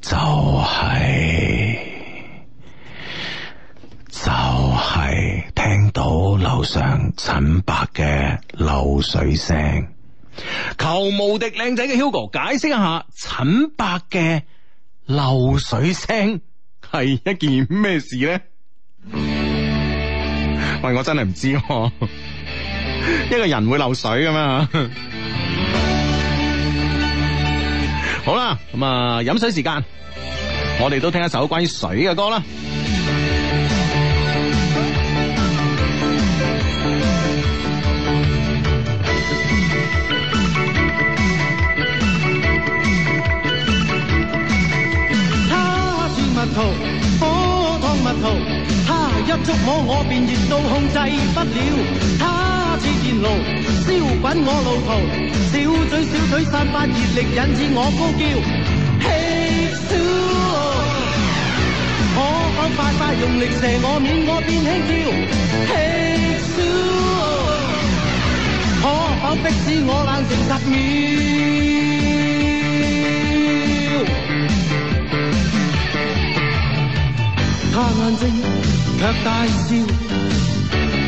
就係、是、就係、是、聽到樓上陳伯嘅漏水聲，求無敵靚仔嘅 Hugo 解釋一下陳伯嘅漏水聲係一件咩事咧？喂， 我真係唔知， 一個人會漏水噶咩？ 好啦，咁啊，飲水時間，我哋都聽一首關於水嘅歌啦。它是蜜桃，火燙蜜桃，它一觸摸我便熱到控制不了。開始電爐燒滾我路途，小嘴小嘴散發熱力，引致我高叫。嘿咻，可否快快用力射我，免我變輕佻，嘿咻，可否逼使我冷靜十秒？他眼睛卻大笑。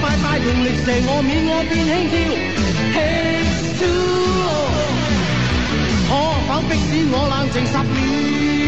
快快用力射我面，我變輕佻。Hey, too, 可否迫使我冷靜十年？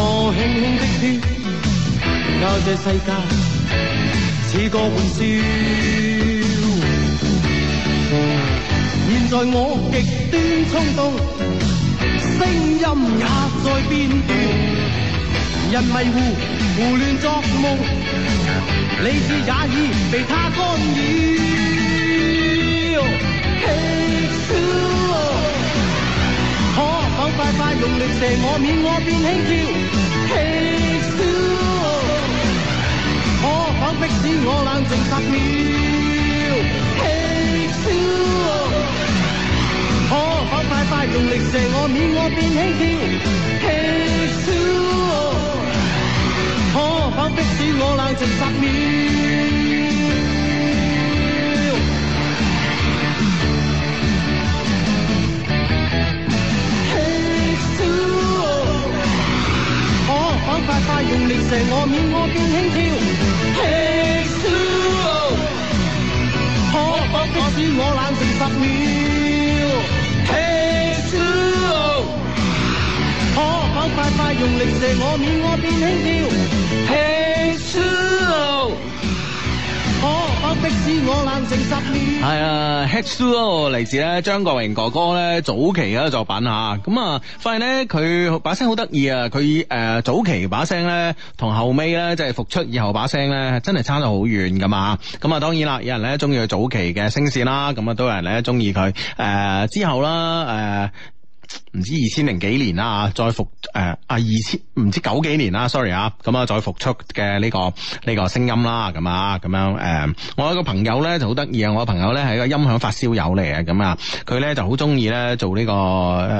我輕輕的飄，教這世界似個玩笑。現在我極端衝動，聲音也在變調。人迷糊胡亂作夢，理智也已被他干擾。快快用力射我，免我變輕佻。嘿咻！可否逼使我冷靜十秒？嘿咻！可否快快用力射我，免我變輕佻。嘿咻！可否逼使我冷靜十秒？用力射我，免我變輕佻。可否即使我冷靜十秒？可否快快用力射我，免我變輕佻。我冷靜係啊，hit to 嚟自咧張國榮哥哥咧早期嘅作品吓，咁啊發現咧佢把聲好得意啊，佢誒、呃、早期把聲咧同後尾咧即係復出以後把聲咧真係差得好遠噶嘛，咁啊當然啦，有人咧中意佢早期嘅聲線啦，咁啊都有人咧中意佢誒之後啦誒。呃唔知二千零幾年啦，再復誒啊二千唔知九幾年啦，sorry 啊，咁啊再復出嘅呢個呢個聲音啦，咁啊咁樣誒、嗯，我有一個朋友呢就好得意啊，我個朋友呢係一個音響發燒友嚟嘅，咁啊佢呢就好中意呢做呢個誒、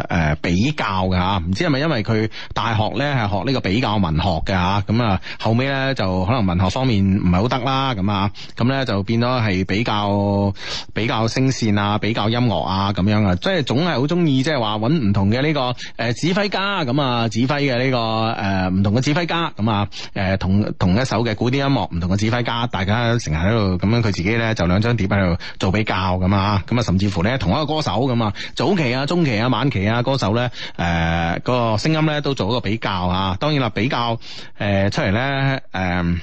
呃、比較嘅吓，唔知係咪因為佢大學呢係學呢個比較文學嘅吓，咁啊後尾呢就可能文學方面唔係好得啦，咁啊咁呢就變咗係比較比較聲線啊，比較音樂啊咁樣啊，即係總係好中意即係話搵。唔同嘅呢個誒指揮家咁啊，指揮嘅呢個誒呃、唔同嘅指揮家咁啊，誒、呃、同同一首嘅古典音樂唔同嘅指揮家，大家成日喺度咁樣佢自己咧就兩張碟喺度做比較咁啊，咁啊甚至乎咧同一個歌手咁啊，早期啊、中期啊、晚期啊歌手咧，誒、呃、那個聲音咧都做一個比較啊，當然啦，比較誒、呃、出嚟咧誒。呃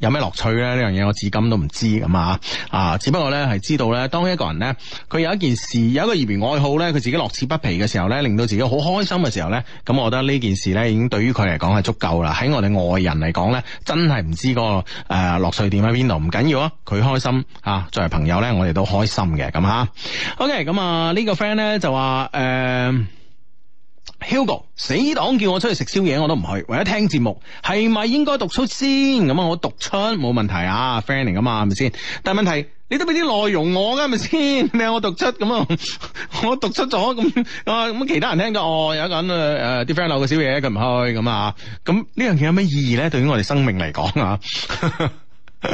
有咩樂趣咧？呢樣嘢我至今都唔知，咁啊。啊，只不過呢係知道呢，當一個人呢，佢有一件事，有一個業餘愛好呢，佢自己樂此不疲嘅時候呢，令到自己好開心嘅時候呢，咁我覺得呢件事呢，已經對於佢嚟講係足夠啦。喺我哋外人嚟講呢，真係唔知，嗰個誒、樂、呃、趣點喺邊度。唔緊要，要啊，佢開心啊，作為朋友呢，我哋都開心嘅。咁啊，OK，咁啊呢個 friend 呢，就話誒。呃 Hugo 死黨叫我出去食宵夜我都唔去，為咗聽節目，係咪應該讀出先咁啊？我讀出冇問題啊，friend 嚟嘛係咪先？但係問題，你都俾啲內容我噶係咪先？你有我讀出咁啊，我讀出咗咁啊，咁其他人聽嘅哦、啊，有一群誒啲 friend 嘅宵夜佢唔去咁啊，咁呢樣嘢有咩意義咧？對於我哋生命嚟講啊， 啊，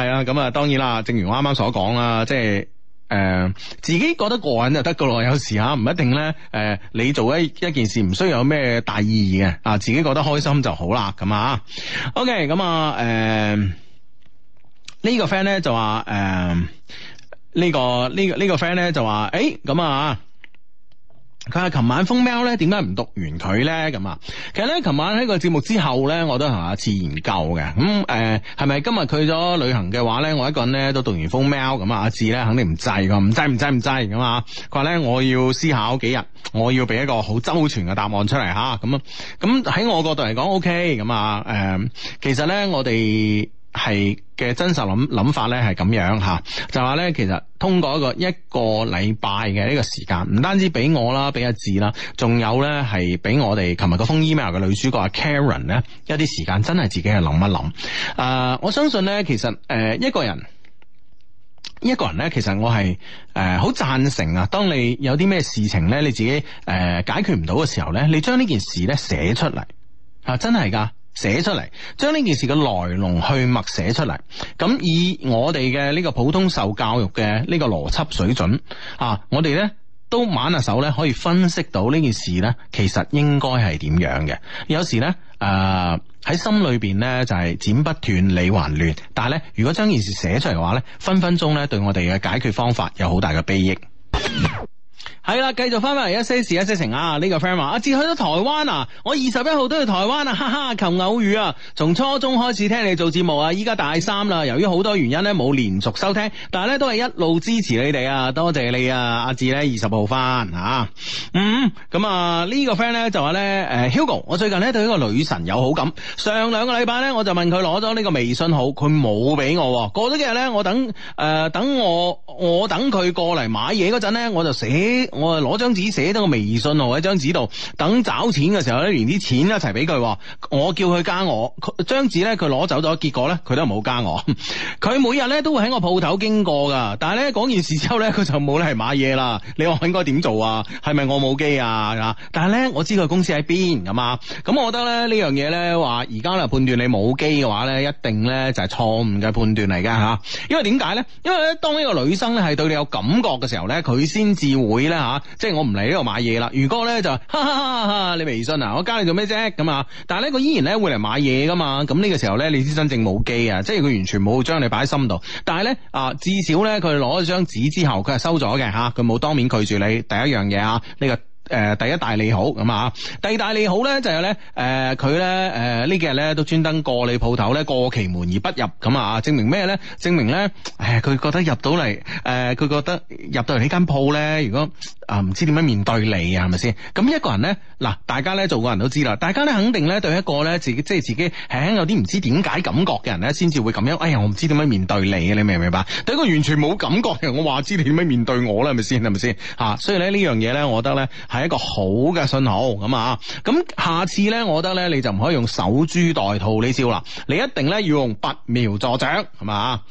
係啊，咁啊，當然啦，正如我啱啱所講啊，即係。誒、呃，自己覺得過癮就得噶咯，有時吓唔一定咧。誒、呃，你做一一件事唔需要有咩大意義嘅，啊、呃，自己覺得開心就好啦。咁啊，OK，咁啊，誒，呢個 friend 咧就話，誒，呢個呢個呢個 friend 咧就話，誒，咁啊。呃這個佢話：琴晚封 mail 咧，點解唔讀完佢咧？咁啊，其實咧，琴晚喺個節目之後咧，我都同阿志研究嘅。咁、嗯、誒，係、呃、咪今日去咗旅行嘅話咧，我一個人咧都讀完封 mail 咁啊？阿志咧肯定唔制噶，唔制唔制唔制咁啊？佢話咧，我要思考幾日，我要俾一個好周全嘅答案出嚟吓，咁啊，咁喺我角度嚟講，OK。咁啊，誒，其實咧，我哋。係嘅真實諗諗法呢係咁樣吓、啊，就話呢其實通過一個一個禮拜嘅呢個時間，唔單止俾我啦，俾阿志啦，仲有呢係俾我哋琴日個封 email 嘅女主角阿 Karen 呢。一啲時間，真係自己係諗一諗。誒、啊，我相信呢，其實誒、呃、一個人，一個人呢，其實我係誒好贊成啊。當你有啲咩事情呢，你自己誒、呃、解決唔到嘅時候呢，你將呢件事呢寫出嚟啊，真係㗎。寫出嚟，將呢件事嘅來龍去脈寫出嚟，咁以我哋嘅呢個普通受教育嘅呢個邏輯水準，啊，我哋呢都挽下手呢可以分析到呢件事呢其實應該係點樣嘅，有時呢，誒、呃、喺心裏邊呢就係、是、剪不斷理還亂，但係呢，如果將件事寫出嚟嘅話咧，分分鐘呢對我哋嘅解決方法有好大嘅裨益。 係啦，繼續翻翻嚟一些事一些情啊！呢、這個 friend 話：阿志去咗台灣啊，我二十一號都去台灣啊，哈哈，求偶遇啊！從初中開始聽你做節目啊，依家大三啦，由於好多原因咧，冇連續收聽，但係咧都係一路支持你哋啊！多謝你啊，阿志咧二十號翻啊，嗯，咁、嗯、啊、這個、呢個 friend 咧就話咧，誒、呃、Hugo，我最近咧對呢個女神有好感，上兩個禮拜咧我就問佢攞咗呢個微信號，佢冇俾我，過咗幾日咧我等誒、呃、等我我等佢過嚟買嘢嗰陣咧我就死。我啊，攞張紙寫咗個微信號喺張紙度，等找錢嘅時候咧連啲錢一齊俾佢。我叫佢加我，張紙咧佢攞走咗，結果咧佢都唔好加我。佢 每日咧都會喺我鋪頭經過噶，但係咧講件事之後咧佢就冇咧係買嘢啦。你話應該點做啊？係咪我冇機啊？但係咧我知佢公司喺邊咁啊。咁、嗯、我覺得咧呢樣嘢咧話而家咧判斷你冇機嘅話咧，一定咧就係錯誤嘅判斷嚟嘅吓。因為點解咧？因為咧當呢個女生咧係對你有感覺嘅時候咧，佢先至會咧。吓、啊，即係我唔嚟呢度買嘢啦。如果咧就，哈哈哈哈你微信啊，我加你做咩啫？咁啊，但係咧，佢依然咧會嚟買嘢噶嘛。咁呢個時候咧，你先真正冇機啊，即係佢完全冇將你擺喺心度。但係咧，啊，至少咧，佢攞咗張紙之後，佢係收咗嘅吓，佢、啊、冇當面拒絕你。第一樣嘢啊，呢、呢個。誒、呃，第一大利好咁啊！第二大利好咧就係、是、咧，誒、呃，佢、呃、咧，誒，呢幾日咧都專登過你鋪頭咧，過期門而不入過其門而不入咁啊！證明咩咧？證明咧，哎、呃、佢覺得入到嚟，誒、呃，佢覺得入到嚟呢間鋪咧，如果啊唔、呃、知點樣面對你啊，係咪先？咁一個人咧，嗱，大家咧做個人都知啦，大家咧肯定咧對一個咧自己即係自己，響、呃、有啲唔知點解感覺嘅人咧，先至會咁樣。哎呀，我唔知點樣面對你啊，你明唔明白？對一個完全冇感覺嘅，我話知你點樣面對我啦，係咪先？係咪先？吓、啊，所以咧呢樣嘢咧，我覺得咧。係一個好嘅信號，咁啊，咁下次咧，我覺得咧，你就唔可以用守株待兔呢招啦，你一定咧要用拔苗助長，係咪啊？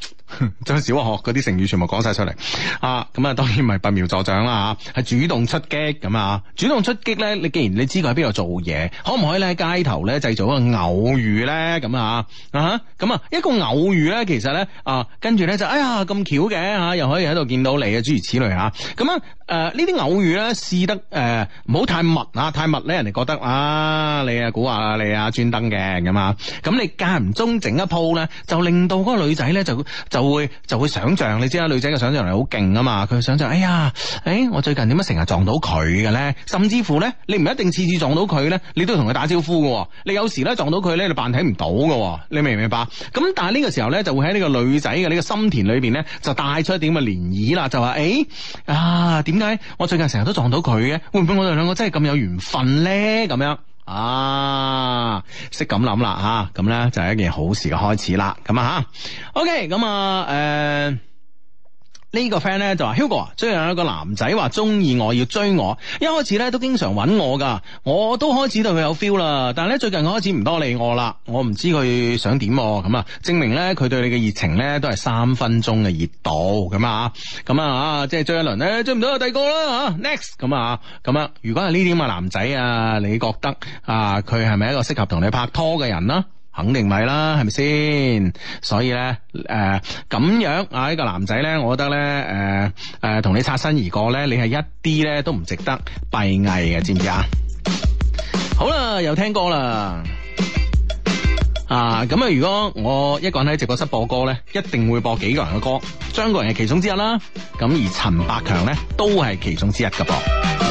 將 小學嗰啲成語全部講晒出嚟啊！咁啊，當然唔係拔苗助長啦吓，係、啊、主動出擊咁啊，啊！主動出擊咧，你既然你知佢喺邊度做嘢，可唔可以咧喺街頭咧製造一個偶遇咧？咁啊啊！咁啊，啊，一個偶遇咧，其實咧啊，跟住咧就哎呀咁巧嘅吓、啊，又可以喺度見到你啊，諸如此類吓。咁啊誒，呢、啊、啲偶遇咧，試得誒唔好太密啊，太密咧人哋覺得啊，你啊估下，你啊專登嘅咁啊。咁你間唔中整一鋪咧，啊、就令到嗰個女仔咧就就。就會就會想象，你知啦，女仔嘅想象力係好勁啊嘛，佢想象，哎呀，誒、哎，我最近點解成日撞到佢嘅咧？甚至乎咧，你唔一定次次撞到佢咧，你都同佢打招呼㗎。你有時咧撞到佢咧，你扮睇唔到㗎。你明唔明白？咁但係呢個時候咧，就會喺呢個女仔嘅呢個心田裏邊咧，就帶出一點嘅漣漪啦，就話誒、哎、啊，點解我最近成日都撞到佢嘅？會唔會我哋兩個真係咁有緣分咧？咁樣。啊，識咁諗啦吓，咁咧就係一件好事嘅開始啦，咁啊吓，OK，咁啊誒。呃呢個 friend 咧就話 Hugo 啊，最近有一個男仔話中意我要追我，一開始咧都經常揾我噶，我都開始對佢有 feel 啦。但係咧最近我開始唔多理我啦，我唔知佢想點喎。咁啊，證明咧佢對你嘅熱情咧都係三分鐘嘅熱度咁啊。咁啊，即係追一輪咧，追唔到就第二個啦嚇，next 咁啊。咁啊，如果係呢啲咁嘅男仔啊，你覺得啊佢係咪一個適合同你拍拖嘅人啦？肯定咪啦，係咪先？所以呢，誒、呃、咁樣啊，呢個男仔呢，我覺得呢，誒、呃、誒，同、呃、你擦身而過呢，你係一啲呢都唔值得，閉翳嘅，知唔知啊？好啦，又聽歌啦。啊，咁啊，如果我一個人喺直播室播歌呢，一定會播幾個人嘅歌，張國榮係其中之一啦。咁而陳百強呢，都係其中之一㗎噃。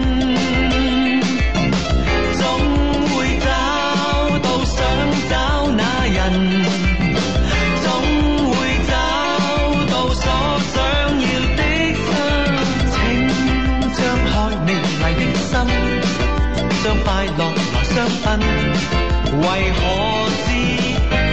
快 樂來相分，為何知？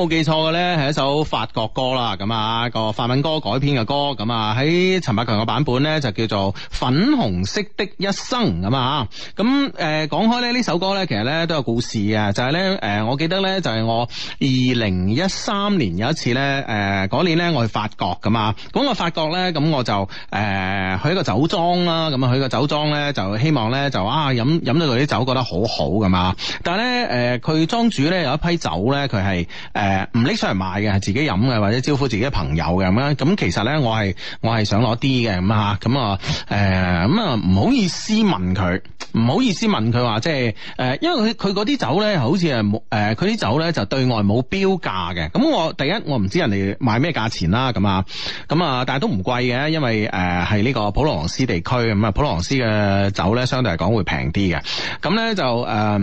冇記錯嘅咧，係一首法國歌啦，咁啊個法文歌改編嘅歌，咁啊喺陳百強嘅版本呢，就叫做粉紅色的一生，咁啊咁誒講開咧呢首歌呢，其實呢都有故事嘅，就係、是、呢，誒、呃、我記得呢，就係、是、我二零一三年有一次呢，誒、呃、嗰年呢，我去法國噶嘛，咁我法國呢，咁我就誒、呃、去一個酒莊啦，咁啊去個酒莊呢，就希望呢，就啊飲飲到佢啲酒覺得好好噶嘛，但係呢，誒佢莊主呢，有一批酒呢，佢係誒唔拎出嚟賣嘅，係自己飲嘅。或者招呼自己嘅朋友嘅咁樣，咁其實咧我係我係想攞啲嘅咁啊，咁啊，誒、呃，咁啊唔好意思問佢，唔好意思問佢話即係，誒、就是，因為佢佢嗰啲酒咧，好似係冇，誒，佢啲酒咧就對外冇標價嘅。咁我第一我唔知人哋賣咩價錢啦，咁啊，咁啊，但係都唔貴嘅，因為誒係呢個普羅旺斯地區，咁啊普羅旺斯嘅酒咧相對嚟講會平啲嘅。咁咧就誒，咁、呃、啊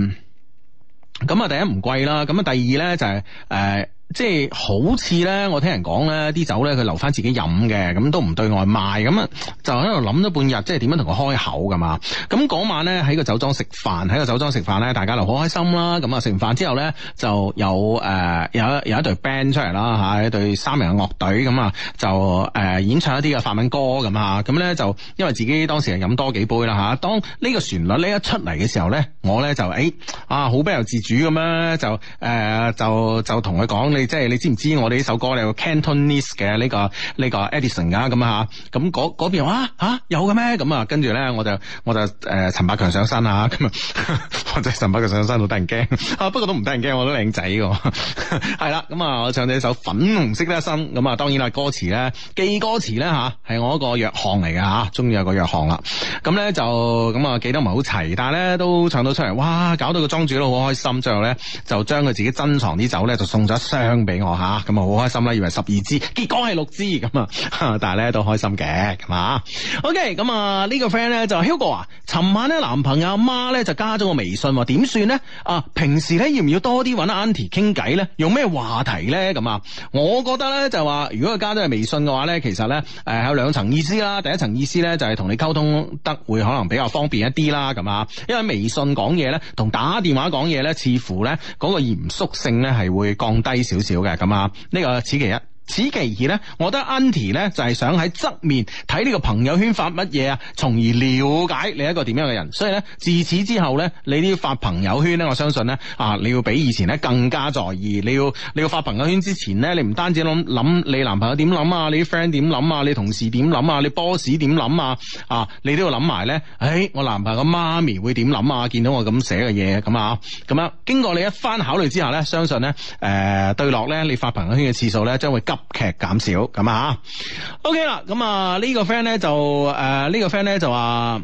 第一唔貴啦，咁啊第二咧就係、是、誒。呃即係好似咧，我聽人講咧，啲酒咧佢留翻自己飲嘅，咁都唔對外賣，咁啊就喺度諗咗半日，即係點樣同佢開口㗎嘛？咁晚咧喺個酒莊食飯喺個酒莊食飯咧，大家就好開心啦。咁啊食完飯之後咧，就有誒、呃、有有一隊 band 出嚟啦，吓、啊、一隊三人樂隊咁啊就誒、呃、演唱一啲嘅法文歌咁嚇。咁、啊、咧就因為自己當時係飲多幾杯啦，吓、啊、當呢個旋律咧一出嚟嘅時候咧，我咧就誒、欸、啊好不由自主咁啊就誒、呃、就、呃、就同佢講。你即係你知唔知我哋呢首歌咧，Cantonese 嘅呢、呢個呢、呢個 Edison 噶咁、嗰個、啊，咁嗰邊哇吓？有嘅咩？咁啊，跟住咧我就我就誒陳百強上身啊，咁啊，或者陳百強上身好得人驚啊， 不過都唔得人驚，我都靚仔喎，係啦，咁啊，我唱咗一首粉紅色的一生，咁啊，當然啦，歌詞咧記歌詞咧吓，係我一個弱項嚟嘅吓，終於有個弱項啦，咁咧就咁啊，記得唔係好齊，但係咧都唱到出嚟，哇！搞到個莊主都好開心，最後咧就將佢自己珍藏啲酒咧就送咗一箱。香俾我吓，咁啊好開心啦！以為十二支，結果係六支，咁啊，但係咧都開心嘅咁啊。OK，咁啊呢個 friend 咧就 Hugo 啊，尋晚咧男朋友阿媽咧就加咗個微信話，點算咧？啊，平時咧要唔要多啲搵阿 Auntie 傾偈咧？用咩話題咧？咁啊，我覺得咧就話，如果佢加咗係微信嘅話咧，其實咧誒、呃、有兩層意思啦。第一層意思咧就係、是、同你溝通得會可能比較方便一啲啦，咁啊，因為微信講嘢咧同打電話講嘢咧，似乎咧嗰、那個嚴肅性咧係會降低少少少嘅咁啊，呢個此其一。此其二咧，我覺得 Aunty 咧就係、是、想喺側面睇呢個朋友圈發乜嘢啊，從而了解你一個點樣嘅人。所以咧，自此之後咧，你啲發朋友圈咧，我相信咧啊，你要比以前咧更加在意。你要你要發朋友圈之前咧，你唔單止諗諗你男朋友點諗啊，你啲 friend 點諗啊，你同事點諗啊，你 boss 點諗啊啊，你都要諗埋咧。誒、哎、我男朋友嘅媽咪會點諗啊？見到我咁寫嘅嘢咁啊？咁啊經過你一番考慮之下咧，相信咧誒、呃、對落咧，你發朋友圈嘅次數咧將會急。劇減少咁啊，OK 啦，咁啊、呢個、呢、呃呢個 friend 咧就誒呢個 friend 咧就話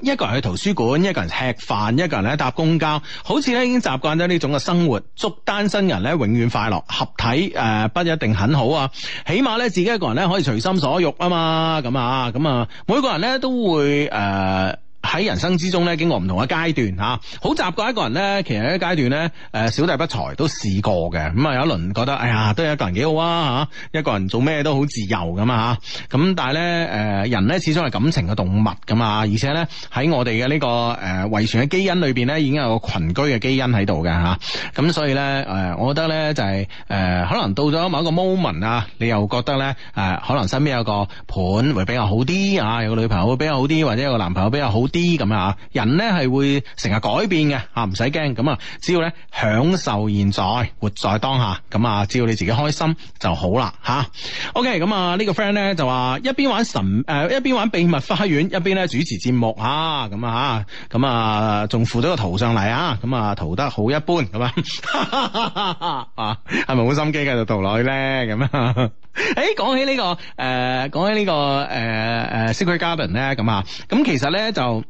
一個人去圖書館，一個人吃飯，一個人咧搭公交，好似咧已經習慣咗呢種嘅生活。祝單身人呢永遠快樂，合體誒、呃、不一定很好啊，起碼呢自己一個人呢可以隨心所欲啊嘛，咁啊咁啊每個人呢都會誒。呃喺人生之中咧，經過唔同嘅階段吓，好、啊、習慣一個人咧。其實一階段咧，誒、呃、小弟不才都試過嘅。咁、嗯、啊有一輪覺得，哎呀，都有一個人幾好啊，吓，一個人做咩都好自由咁啊嚇。咁但係咧，誒、呃、人咧始終係感情嘅動物噶嘛，而且咧喺我哋嘅呢個誒、呃、遺傳嘅基因裏邊咧，已經有個群居嘅基因喺度嘅吓，咁所以咧，誒、呃、我覺得咧就係、是、誒、呃、可能到咗某一個 moment 啊，你又覺得咧誒、呃、可能身邊有個伴會比較好啲啊，有個女朋友會比較好啲，或者有個男朋友比較好。啲咁啊，人呢係會成日改變嘅，啊唔使驚，咁啊只要呢享受現在，活在當下，咁啊只要你自己開心就好啦，吓、啊。OK，咁啊、這個、呢個 friend 呢就話一邊玩神誒、呃、一邊玩秘密花園，一邊呢主持節目，吓咁啊咁啊仲、啊、附咗個圖上嚟啊，咁啊塗得好一般咁啊，係咪好心機繼續塗落去呢？咁啊？是誒，講起呢、這個誒，講、呃、起呢、這個誒誒，secret cabin 咧，咁、呃、啊，咁其實咧就。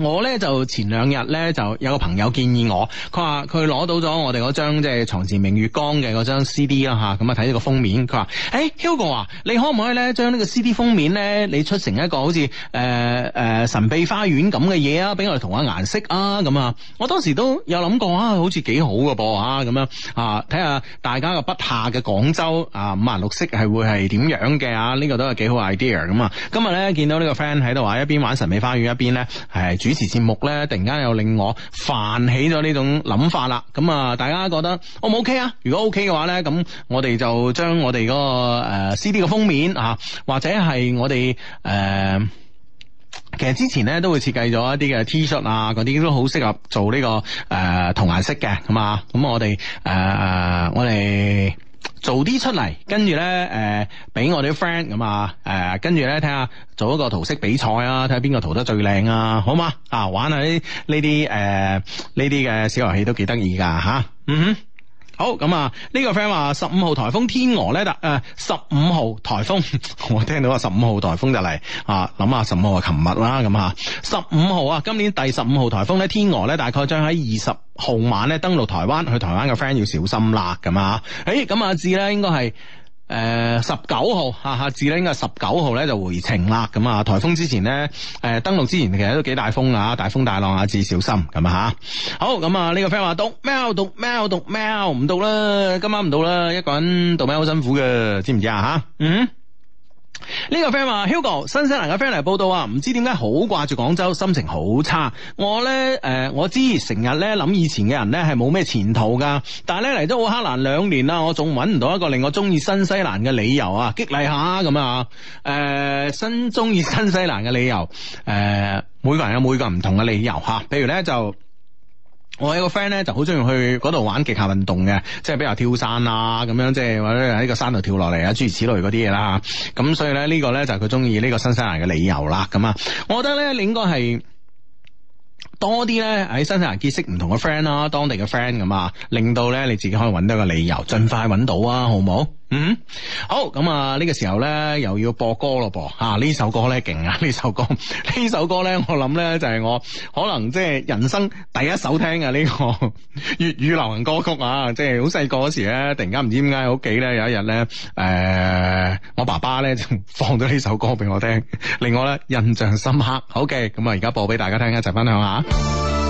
我咧就前兩日咧就有個朋友建議我，佢話佢攞到咗我哋嗰張即係《床前明月光》嘅嗰張 CD 啦嚇，咁啊睇呢個封面，佢話：誒、欸、Hugo 啊，你可唔可以咧將呢個 CD 封面咧，你出成一個好似誒誒神秘花園咁嘅嘢啊，俾我哋塗下顏色啊咁啊，啊！我當時都有諗過啊，好似幾好嘅噃嚇咁樣啊，睇、啊、下大家嘅筆下嘅廣州啊五顏六色係會係點樣嘅啊？呢個都係幾好 idea 咁啊！今日咧見到呢個 friend 喺度話一邊玩神秘花園一邊咧係主持節目咧，突然間又令我泛起咗呢種諗法啦。咁啊，大家覺得 O 唔 OK 啊？如果 OK 嘅話咧，咁我哋就將我哋嗰、那個誒、呃、CD 嘅封面啊，或者係我哋誒、呃，其實之前咧都會設計咗一啲嘅 T 恤啊，嗰啲都好適合做呢、這個誒、呃、同顏色嘅。咁啊，咁我哋誒、呃，我哋。做啲出嚟，跟住咧，誒、呃，俾我哋啲 friend 咁啊，誒，跟住咧，睇下做一個塗色比賽啊，睇下邊個塗得最靚啊，好嘛？啊，玩下呢啲誒，呢啲嘅小遊戲都幾得意噶吓，嗯哼。好咁啊！呢個 friend 話十五號颱風天鵝呢？誒、呃，十五號颱風， 我聽到啊，十五號颱風就嚟、是、啊，諗下十五號係琴日啦，咁啊，十五號啊，今年第十五號颱風呢，天鵝呢大概將喺二十號晚呢登陸台灣，去台灣嘅 friend 要小心啦，咁啊，誒，咁阿志呢應該係。誒，十九號下下字咧應該十九號咧就回程啦，咁啊，台風之前咧，誒、呃、登陸之前其實都幾大風啊，大風大浪至啊，自小心咁啊吓。好，咁啊呢個 friend 話讀喵讀喵，喵，喵讀喵唔到啦，今晚唔到啦，一個人讀喵好辛苦嘅，知唔知啊吓？嗯、mm。Hmm. 呢個 friend 話，Hugo 新西蘭嘅 friend 嚟報道啊，唔知點解好掛住廣州，心情好差。我呢，誒、呃，我知成日呢諗以前嘅人呢係冇咩前途噶，但係呢嚟咗奧克蘭兩年啦，我仲揾唔到一個令我中意新西蘭嘅理由啊，激勵下咁啊。誒，新中意新西蘭嘅理由，誒、呃呃，每個人有每個唔同嘅理由吓，譬如呢就。我有個 friend 咧就好中意去嗰度玩極限運動嘅，即係比如話跳傘啊咁樣，即係或者喺個山度跳落嚟啊，諸如此類嗰啲嘢啦。咁所以咧呢個咧就係佢中意呢個新西蘭嘅理由啦。咁啊，我覺得咧你應該係多啲咧喺新西蘭結識唔同嘅 friend 啦，當地嘅 friend 咁啊，令到咧你自己可以揾到一個理由，盡快揾到啊，好唔好？嗯，好，咁啊呢個時候呢又要播歌咯噃，吓、啊、呢首歌呢，勁啊，呢首， 首歌呢首歌呢我諗呢就係我可能即係人生第一首聽嘅呢個粵 語流行歌曲啊，即係好細個嗰時呢，突然間唔知點解喺屋企呢有一日呢，誒、呃、我爸爸呢就放咗呢首歌俾我聽，令我呢印象深刻。好嘅，咁啊而家播俾大家聽，一齊分享下。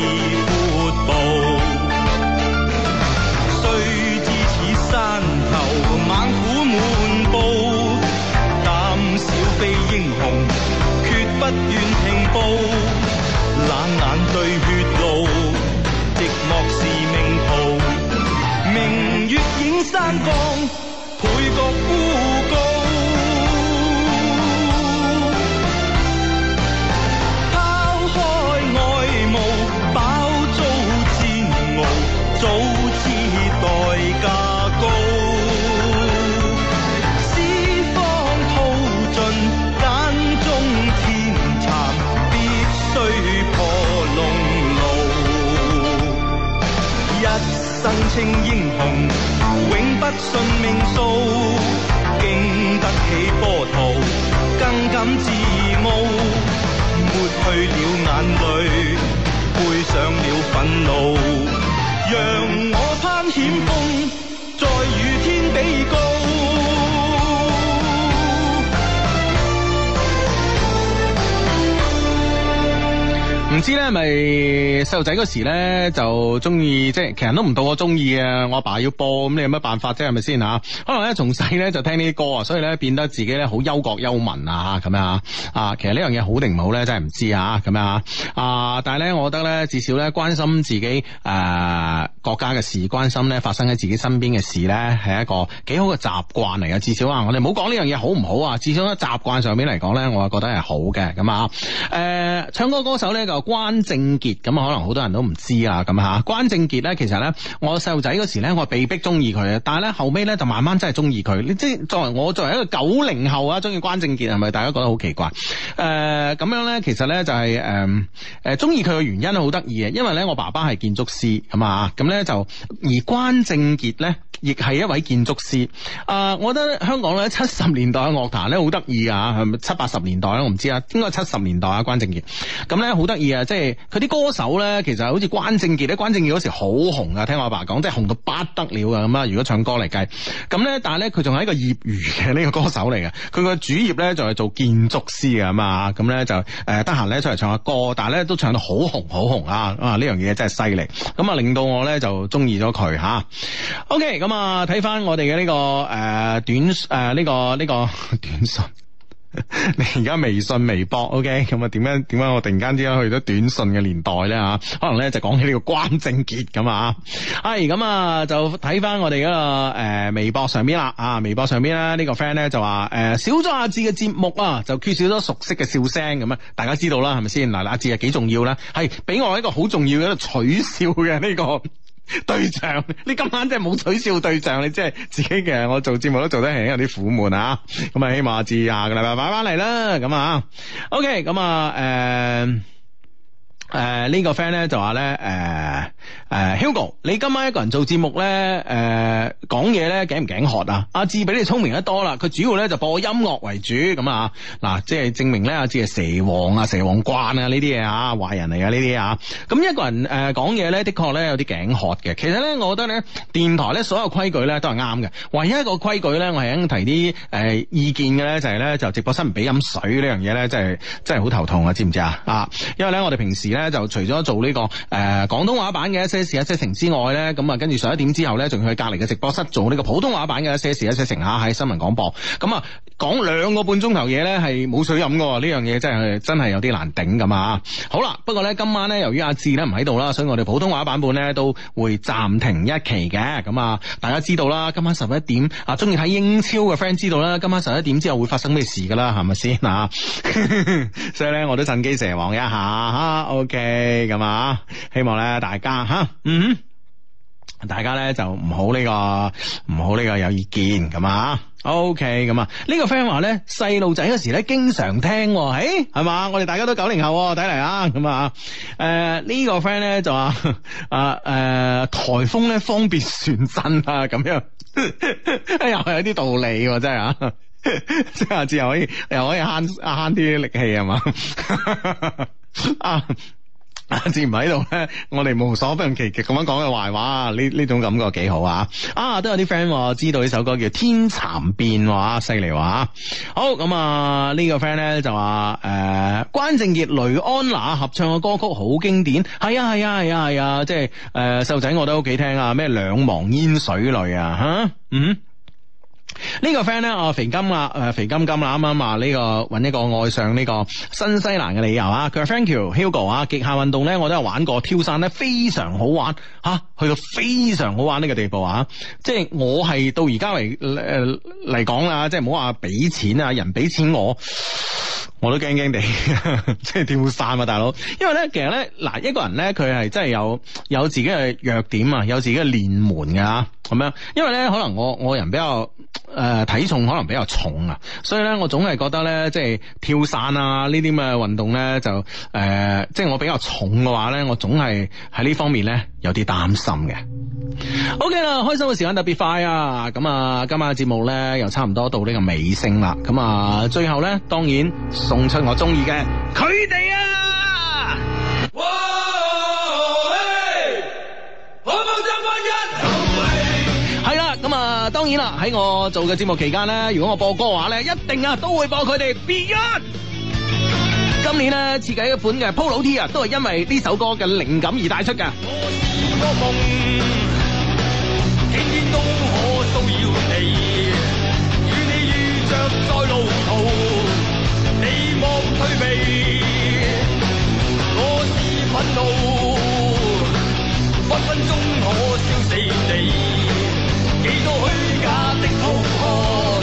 願停步，冷眼對血路，寂寞是命途，明月映山崗，倍覺孤傲。稱英雄，永不信命數，經得起波濤，更感自傲。抹去了眼淚，背上了憤怒，讓我攀險峰，再與天比。唔知咧咪細路仔嗰時咧就中意即係，其實都唔到我中意啊！我阿爸，爸要播，咁你有乜辦法啫？係咪先吓？可能咧從細咧就聽呢啲歌啊，所以咧變得自己咧好憂國憂民啊咁樣啊！其實呢樣嘢好定唔好咧，真係唔知啊。咁樣啊！但係咧、啊，我覺得咧，至少咧關心自己誒國家嘅事，關心咧發生喺自己身邊嘅事咧，係一個幾好嘅習慣嚟嘅。至少啊，我哋唔好講呢樣嘢好唔好啊！至少喺習慣上面嚟講咧，我係覺得係好嘅咁啊！誒，唱歌歌手咧就。關正傑咁啊，可能好多人都唔知啊，咁吓關正傑咧，其實咧我細路仔時咧，我係被逼中意佢嘅，但係咧後尾咧就慢慢真係中意佢。你即係作為我作為一個九零後啊，中意關正傑係咪大家覺得好奇怪？誒、呃，咁樣咧，其實咧就係誒誒，中意佢嘅原因好得意啊，因為咧我爸爸係建築師，係啊咁咧就而關正傑咧亦係一位建築師。啊、呃，我覺得香港咧七十年代嘅樂壇咧好得意啊，係咪七八十年代咧？我唔知啊，應該七十年代啊，關正傑咁咧好得意啊。即係佢啲歌手咧，其實好似關正傑咧，關正傑嗰時好紅噶，聽我阿爸講，即係紅到不得了啊咁啊！如果唱歌嚟計，咁咧，但係咧，佢仲係一個業餘嘅呢個歌手嚟嘅，佢個主業咧就係、是、做建築師啊嘛，咁、嗯、咧、嗯、就誒得閒咧出嚟唱下歌，但係咧都唱得好紅好紅啊！啊呢樣嘢真係犀利，咁、嗯、啊令到我咧就中意咗佢吓。OK，咁啊睇翻我哋嘅呢個誒、呃、短誒呢、呃這個呢、這個、這個、短信。 你而家微信、微博，OK，咁啊？點樣點樣？我突然間點解去咗短信嘅年代咧吓？可能咧就講起呢個關正傑咁啊！係咁啊，就睇翻我哋嗰個誒微博上邊啦啊！微博上邊咧呢、這個 friend 咧就話誒、呃、少咗阿志嘅節目啊，就缺少咗熟悉嘅笑聲咁啊！大家知道啦，係咪先？嗱，阿志係幾重要啦，係俾我一個好重要嘅一個取笑嘅呢、這個。對象，你今晚真係冇取笑對象，你真係自己嘅。我做節目都做得起，有啲苦悶啊。咁、嗯、啊，起碼治下㗎啦，擺翻嚟啦，咁啊，OK，咁啊，誒、okay, 誒、啊呃呃呃這個、呢個 friend 咧就話、是、咧，誒、呃。誒、uh,，Hugo，你今晚一個人做節目咧，誒、呃，講嘢，咧頸唔頸渴啊？阿志比你聰明得多啦，佢主要咧就播音樂為主咁啊。嗱，即係證明咧，阿志係蛇王啊，蛇王關啊，呢啲嘢啊，壞人嚟噶呢啲啊。咁一個人誒講嘢咧，的確咧有啲頸渴嘅。其實咧，我覺得咧，電台咧所有規矩咧都係啱嘅。唯一一個規矩咧，我係肯提啲誒意見嘅咧，就係咧就直播室唔俾飲水呢樣嘢咧，真係真係好頭痛啊！知唔知啊？啊，因為咧、嗯、我哋平時咧就除咗做呢個誒廣東話版。呃嘅一些事一些情之外咧，咁啊，跟住十一點之後咧，仲要去隔籬嘅直播室做呢個普通話版嘅一些事一些情吓，喺新聞廣播咁啊。嗯嗯講兩個半鐘頭嘢呢係冇水飲噶，呢樣嘢真係真係有啲難頂咁啊！好啦，不過呢，今晚咧，由於阿志呢唔喺度啦，所以我哋普通話版本呢都會暫停一期嘅。咁啊，大家知道啦，今晚十一點，啊中意睇英超嘅 friend 知道啦，今晚十一點之後會發生咩事噶啦，係咪先啊？ 所以呢，我都趁機蛇王一下吓，OK 咁啊，希望呢大家吓，嗯。大家咧就唔好呢個唔好呢個有意見咁啊，OK 咁啊。呢、這個 friend 話咧細路仔嗰時咧經常聽喎，係、欸、嘛？我哋大家都九零後，睇嚟啊咁啊。誒呢個 friend 咧就話啊誒，颱風咧方便船身啊，咁樣又係、 哎、有啲道理喎、啊，真係啊，即 係下次又可以又可以慳慳啲力氣 啊嘛。字唔喺度咧，我哋無所不用其極咁樣講嘅壞話，呢呢種感覺幾好啊！啊，都有啲 friend 知道呢首歌叫《天蠶變話》哇，犀利哇！好咁、嗯、啊、呢、這個 friend 咧就話誒，關正傑雷安娜合唱嘅歌曲好經典，係啊係啊係啊、啊、啊、啊，即係誒，細、呃、路仔我都喺屋企聽兩煙啊，咩兩忘煙水淚啊，吓嗯。個呢個 friend 咧，啊肥金啦、啊，誒肥金金啦，啱啱啊。呢、嗯啊這個搵一個愛上呢、這個新西蘭嘅理由啊。佢話 thank you Hugo 啊，極限運動咧，我都有玩過，跳傘咧非常好玩吓、啊，去到非常好玩呢個地步啊。即係我係到而家嚟誒嚟講啦，即係唔好話俾錢啊，人俾錢我。我都驚驚地，即 係跳傘嘛，啊，大佬。因為咧，其實咧，嗱，一個人咧，佢係真係有有自己嘅弱點啊，有自己嘅練門㗎咁樣。因為咧，可能我我人比較誒、呃、體重可能比較重啊，所以咧，我總係覺得咧，即係跳傘啊，運呢啲咁嘅運動咧，就誒、即、呃、係、就是、我比較重嘅話咧，我總係喺呢方面咧有啲擔心嘅。OK 啦，開心嘅時間特別快啊！咁啊，今晚嘅節目咧又差唔多到呢個尾聲啦。咁啊，最後咧，當然。送出我中意嘅佢哋啊！哇！係啦，咁啊，當然啦，喺我做嘅節目期間呢，如果我播歌嘅話呢，一定啊都會播佢哋。Beyond，今年呢，設計一款嘅 Polo T 啊，都係因為呢首歌嘅靈感而帶出嘅。我是個夢，天天都可要你，與你遇着在路途。莫退避，我是憤怒，分分鐘可燒死你。幾多虛假的痛哭，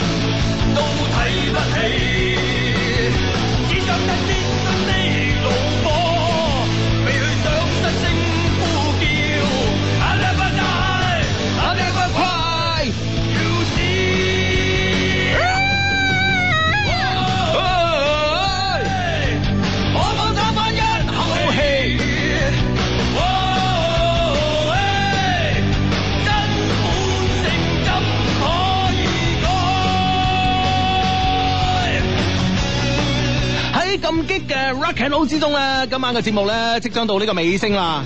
都睇不起。 劇佬之中咧，今晚嘅節目咧，即將到呢個尾聲啦。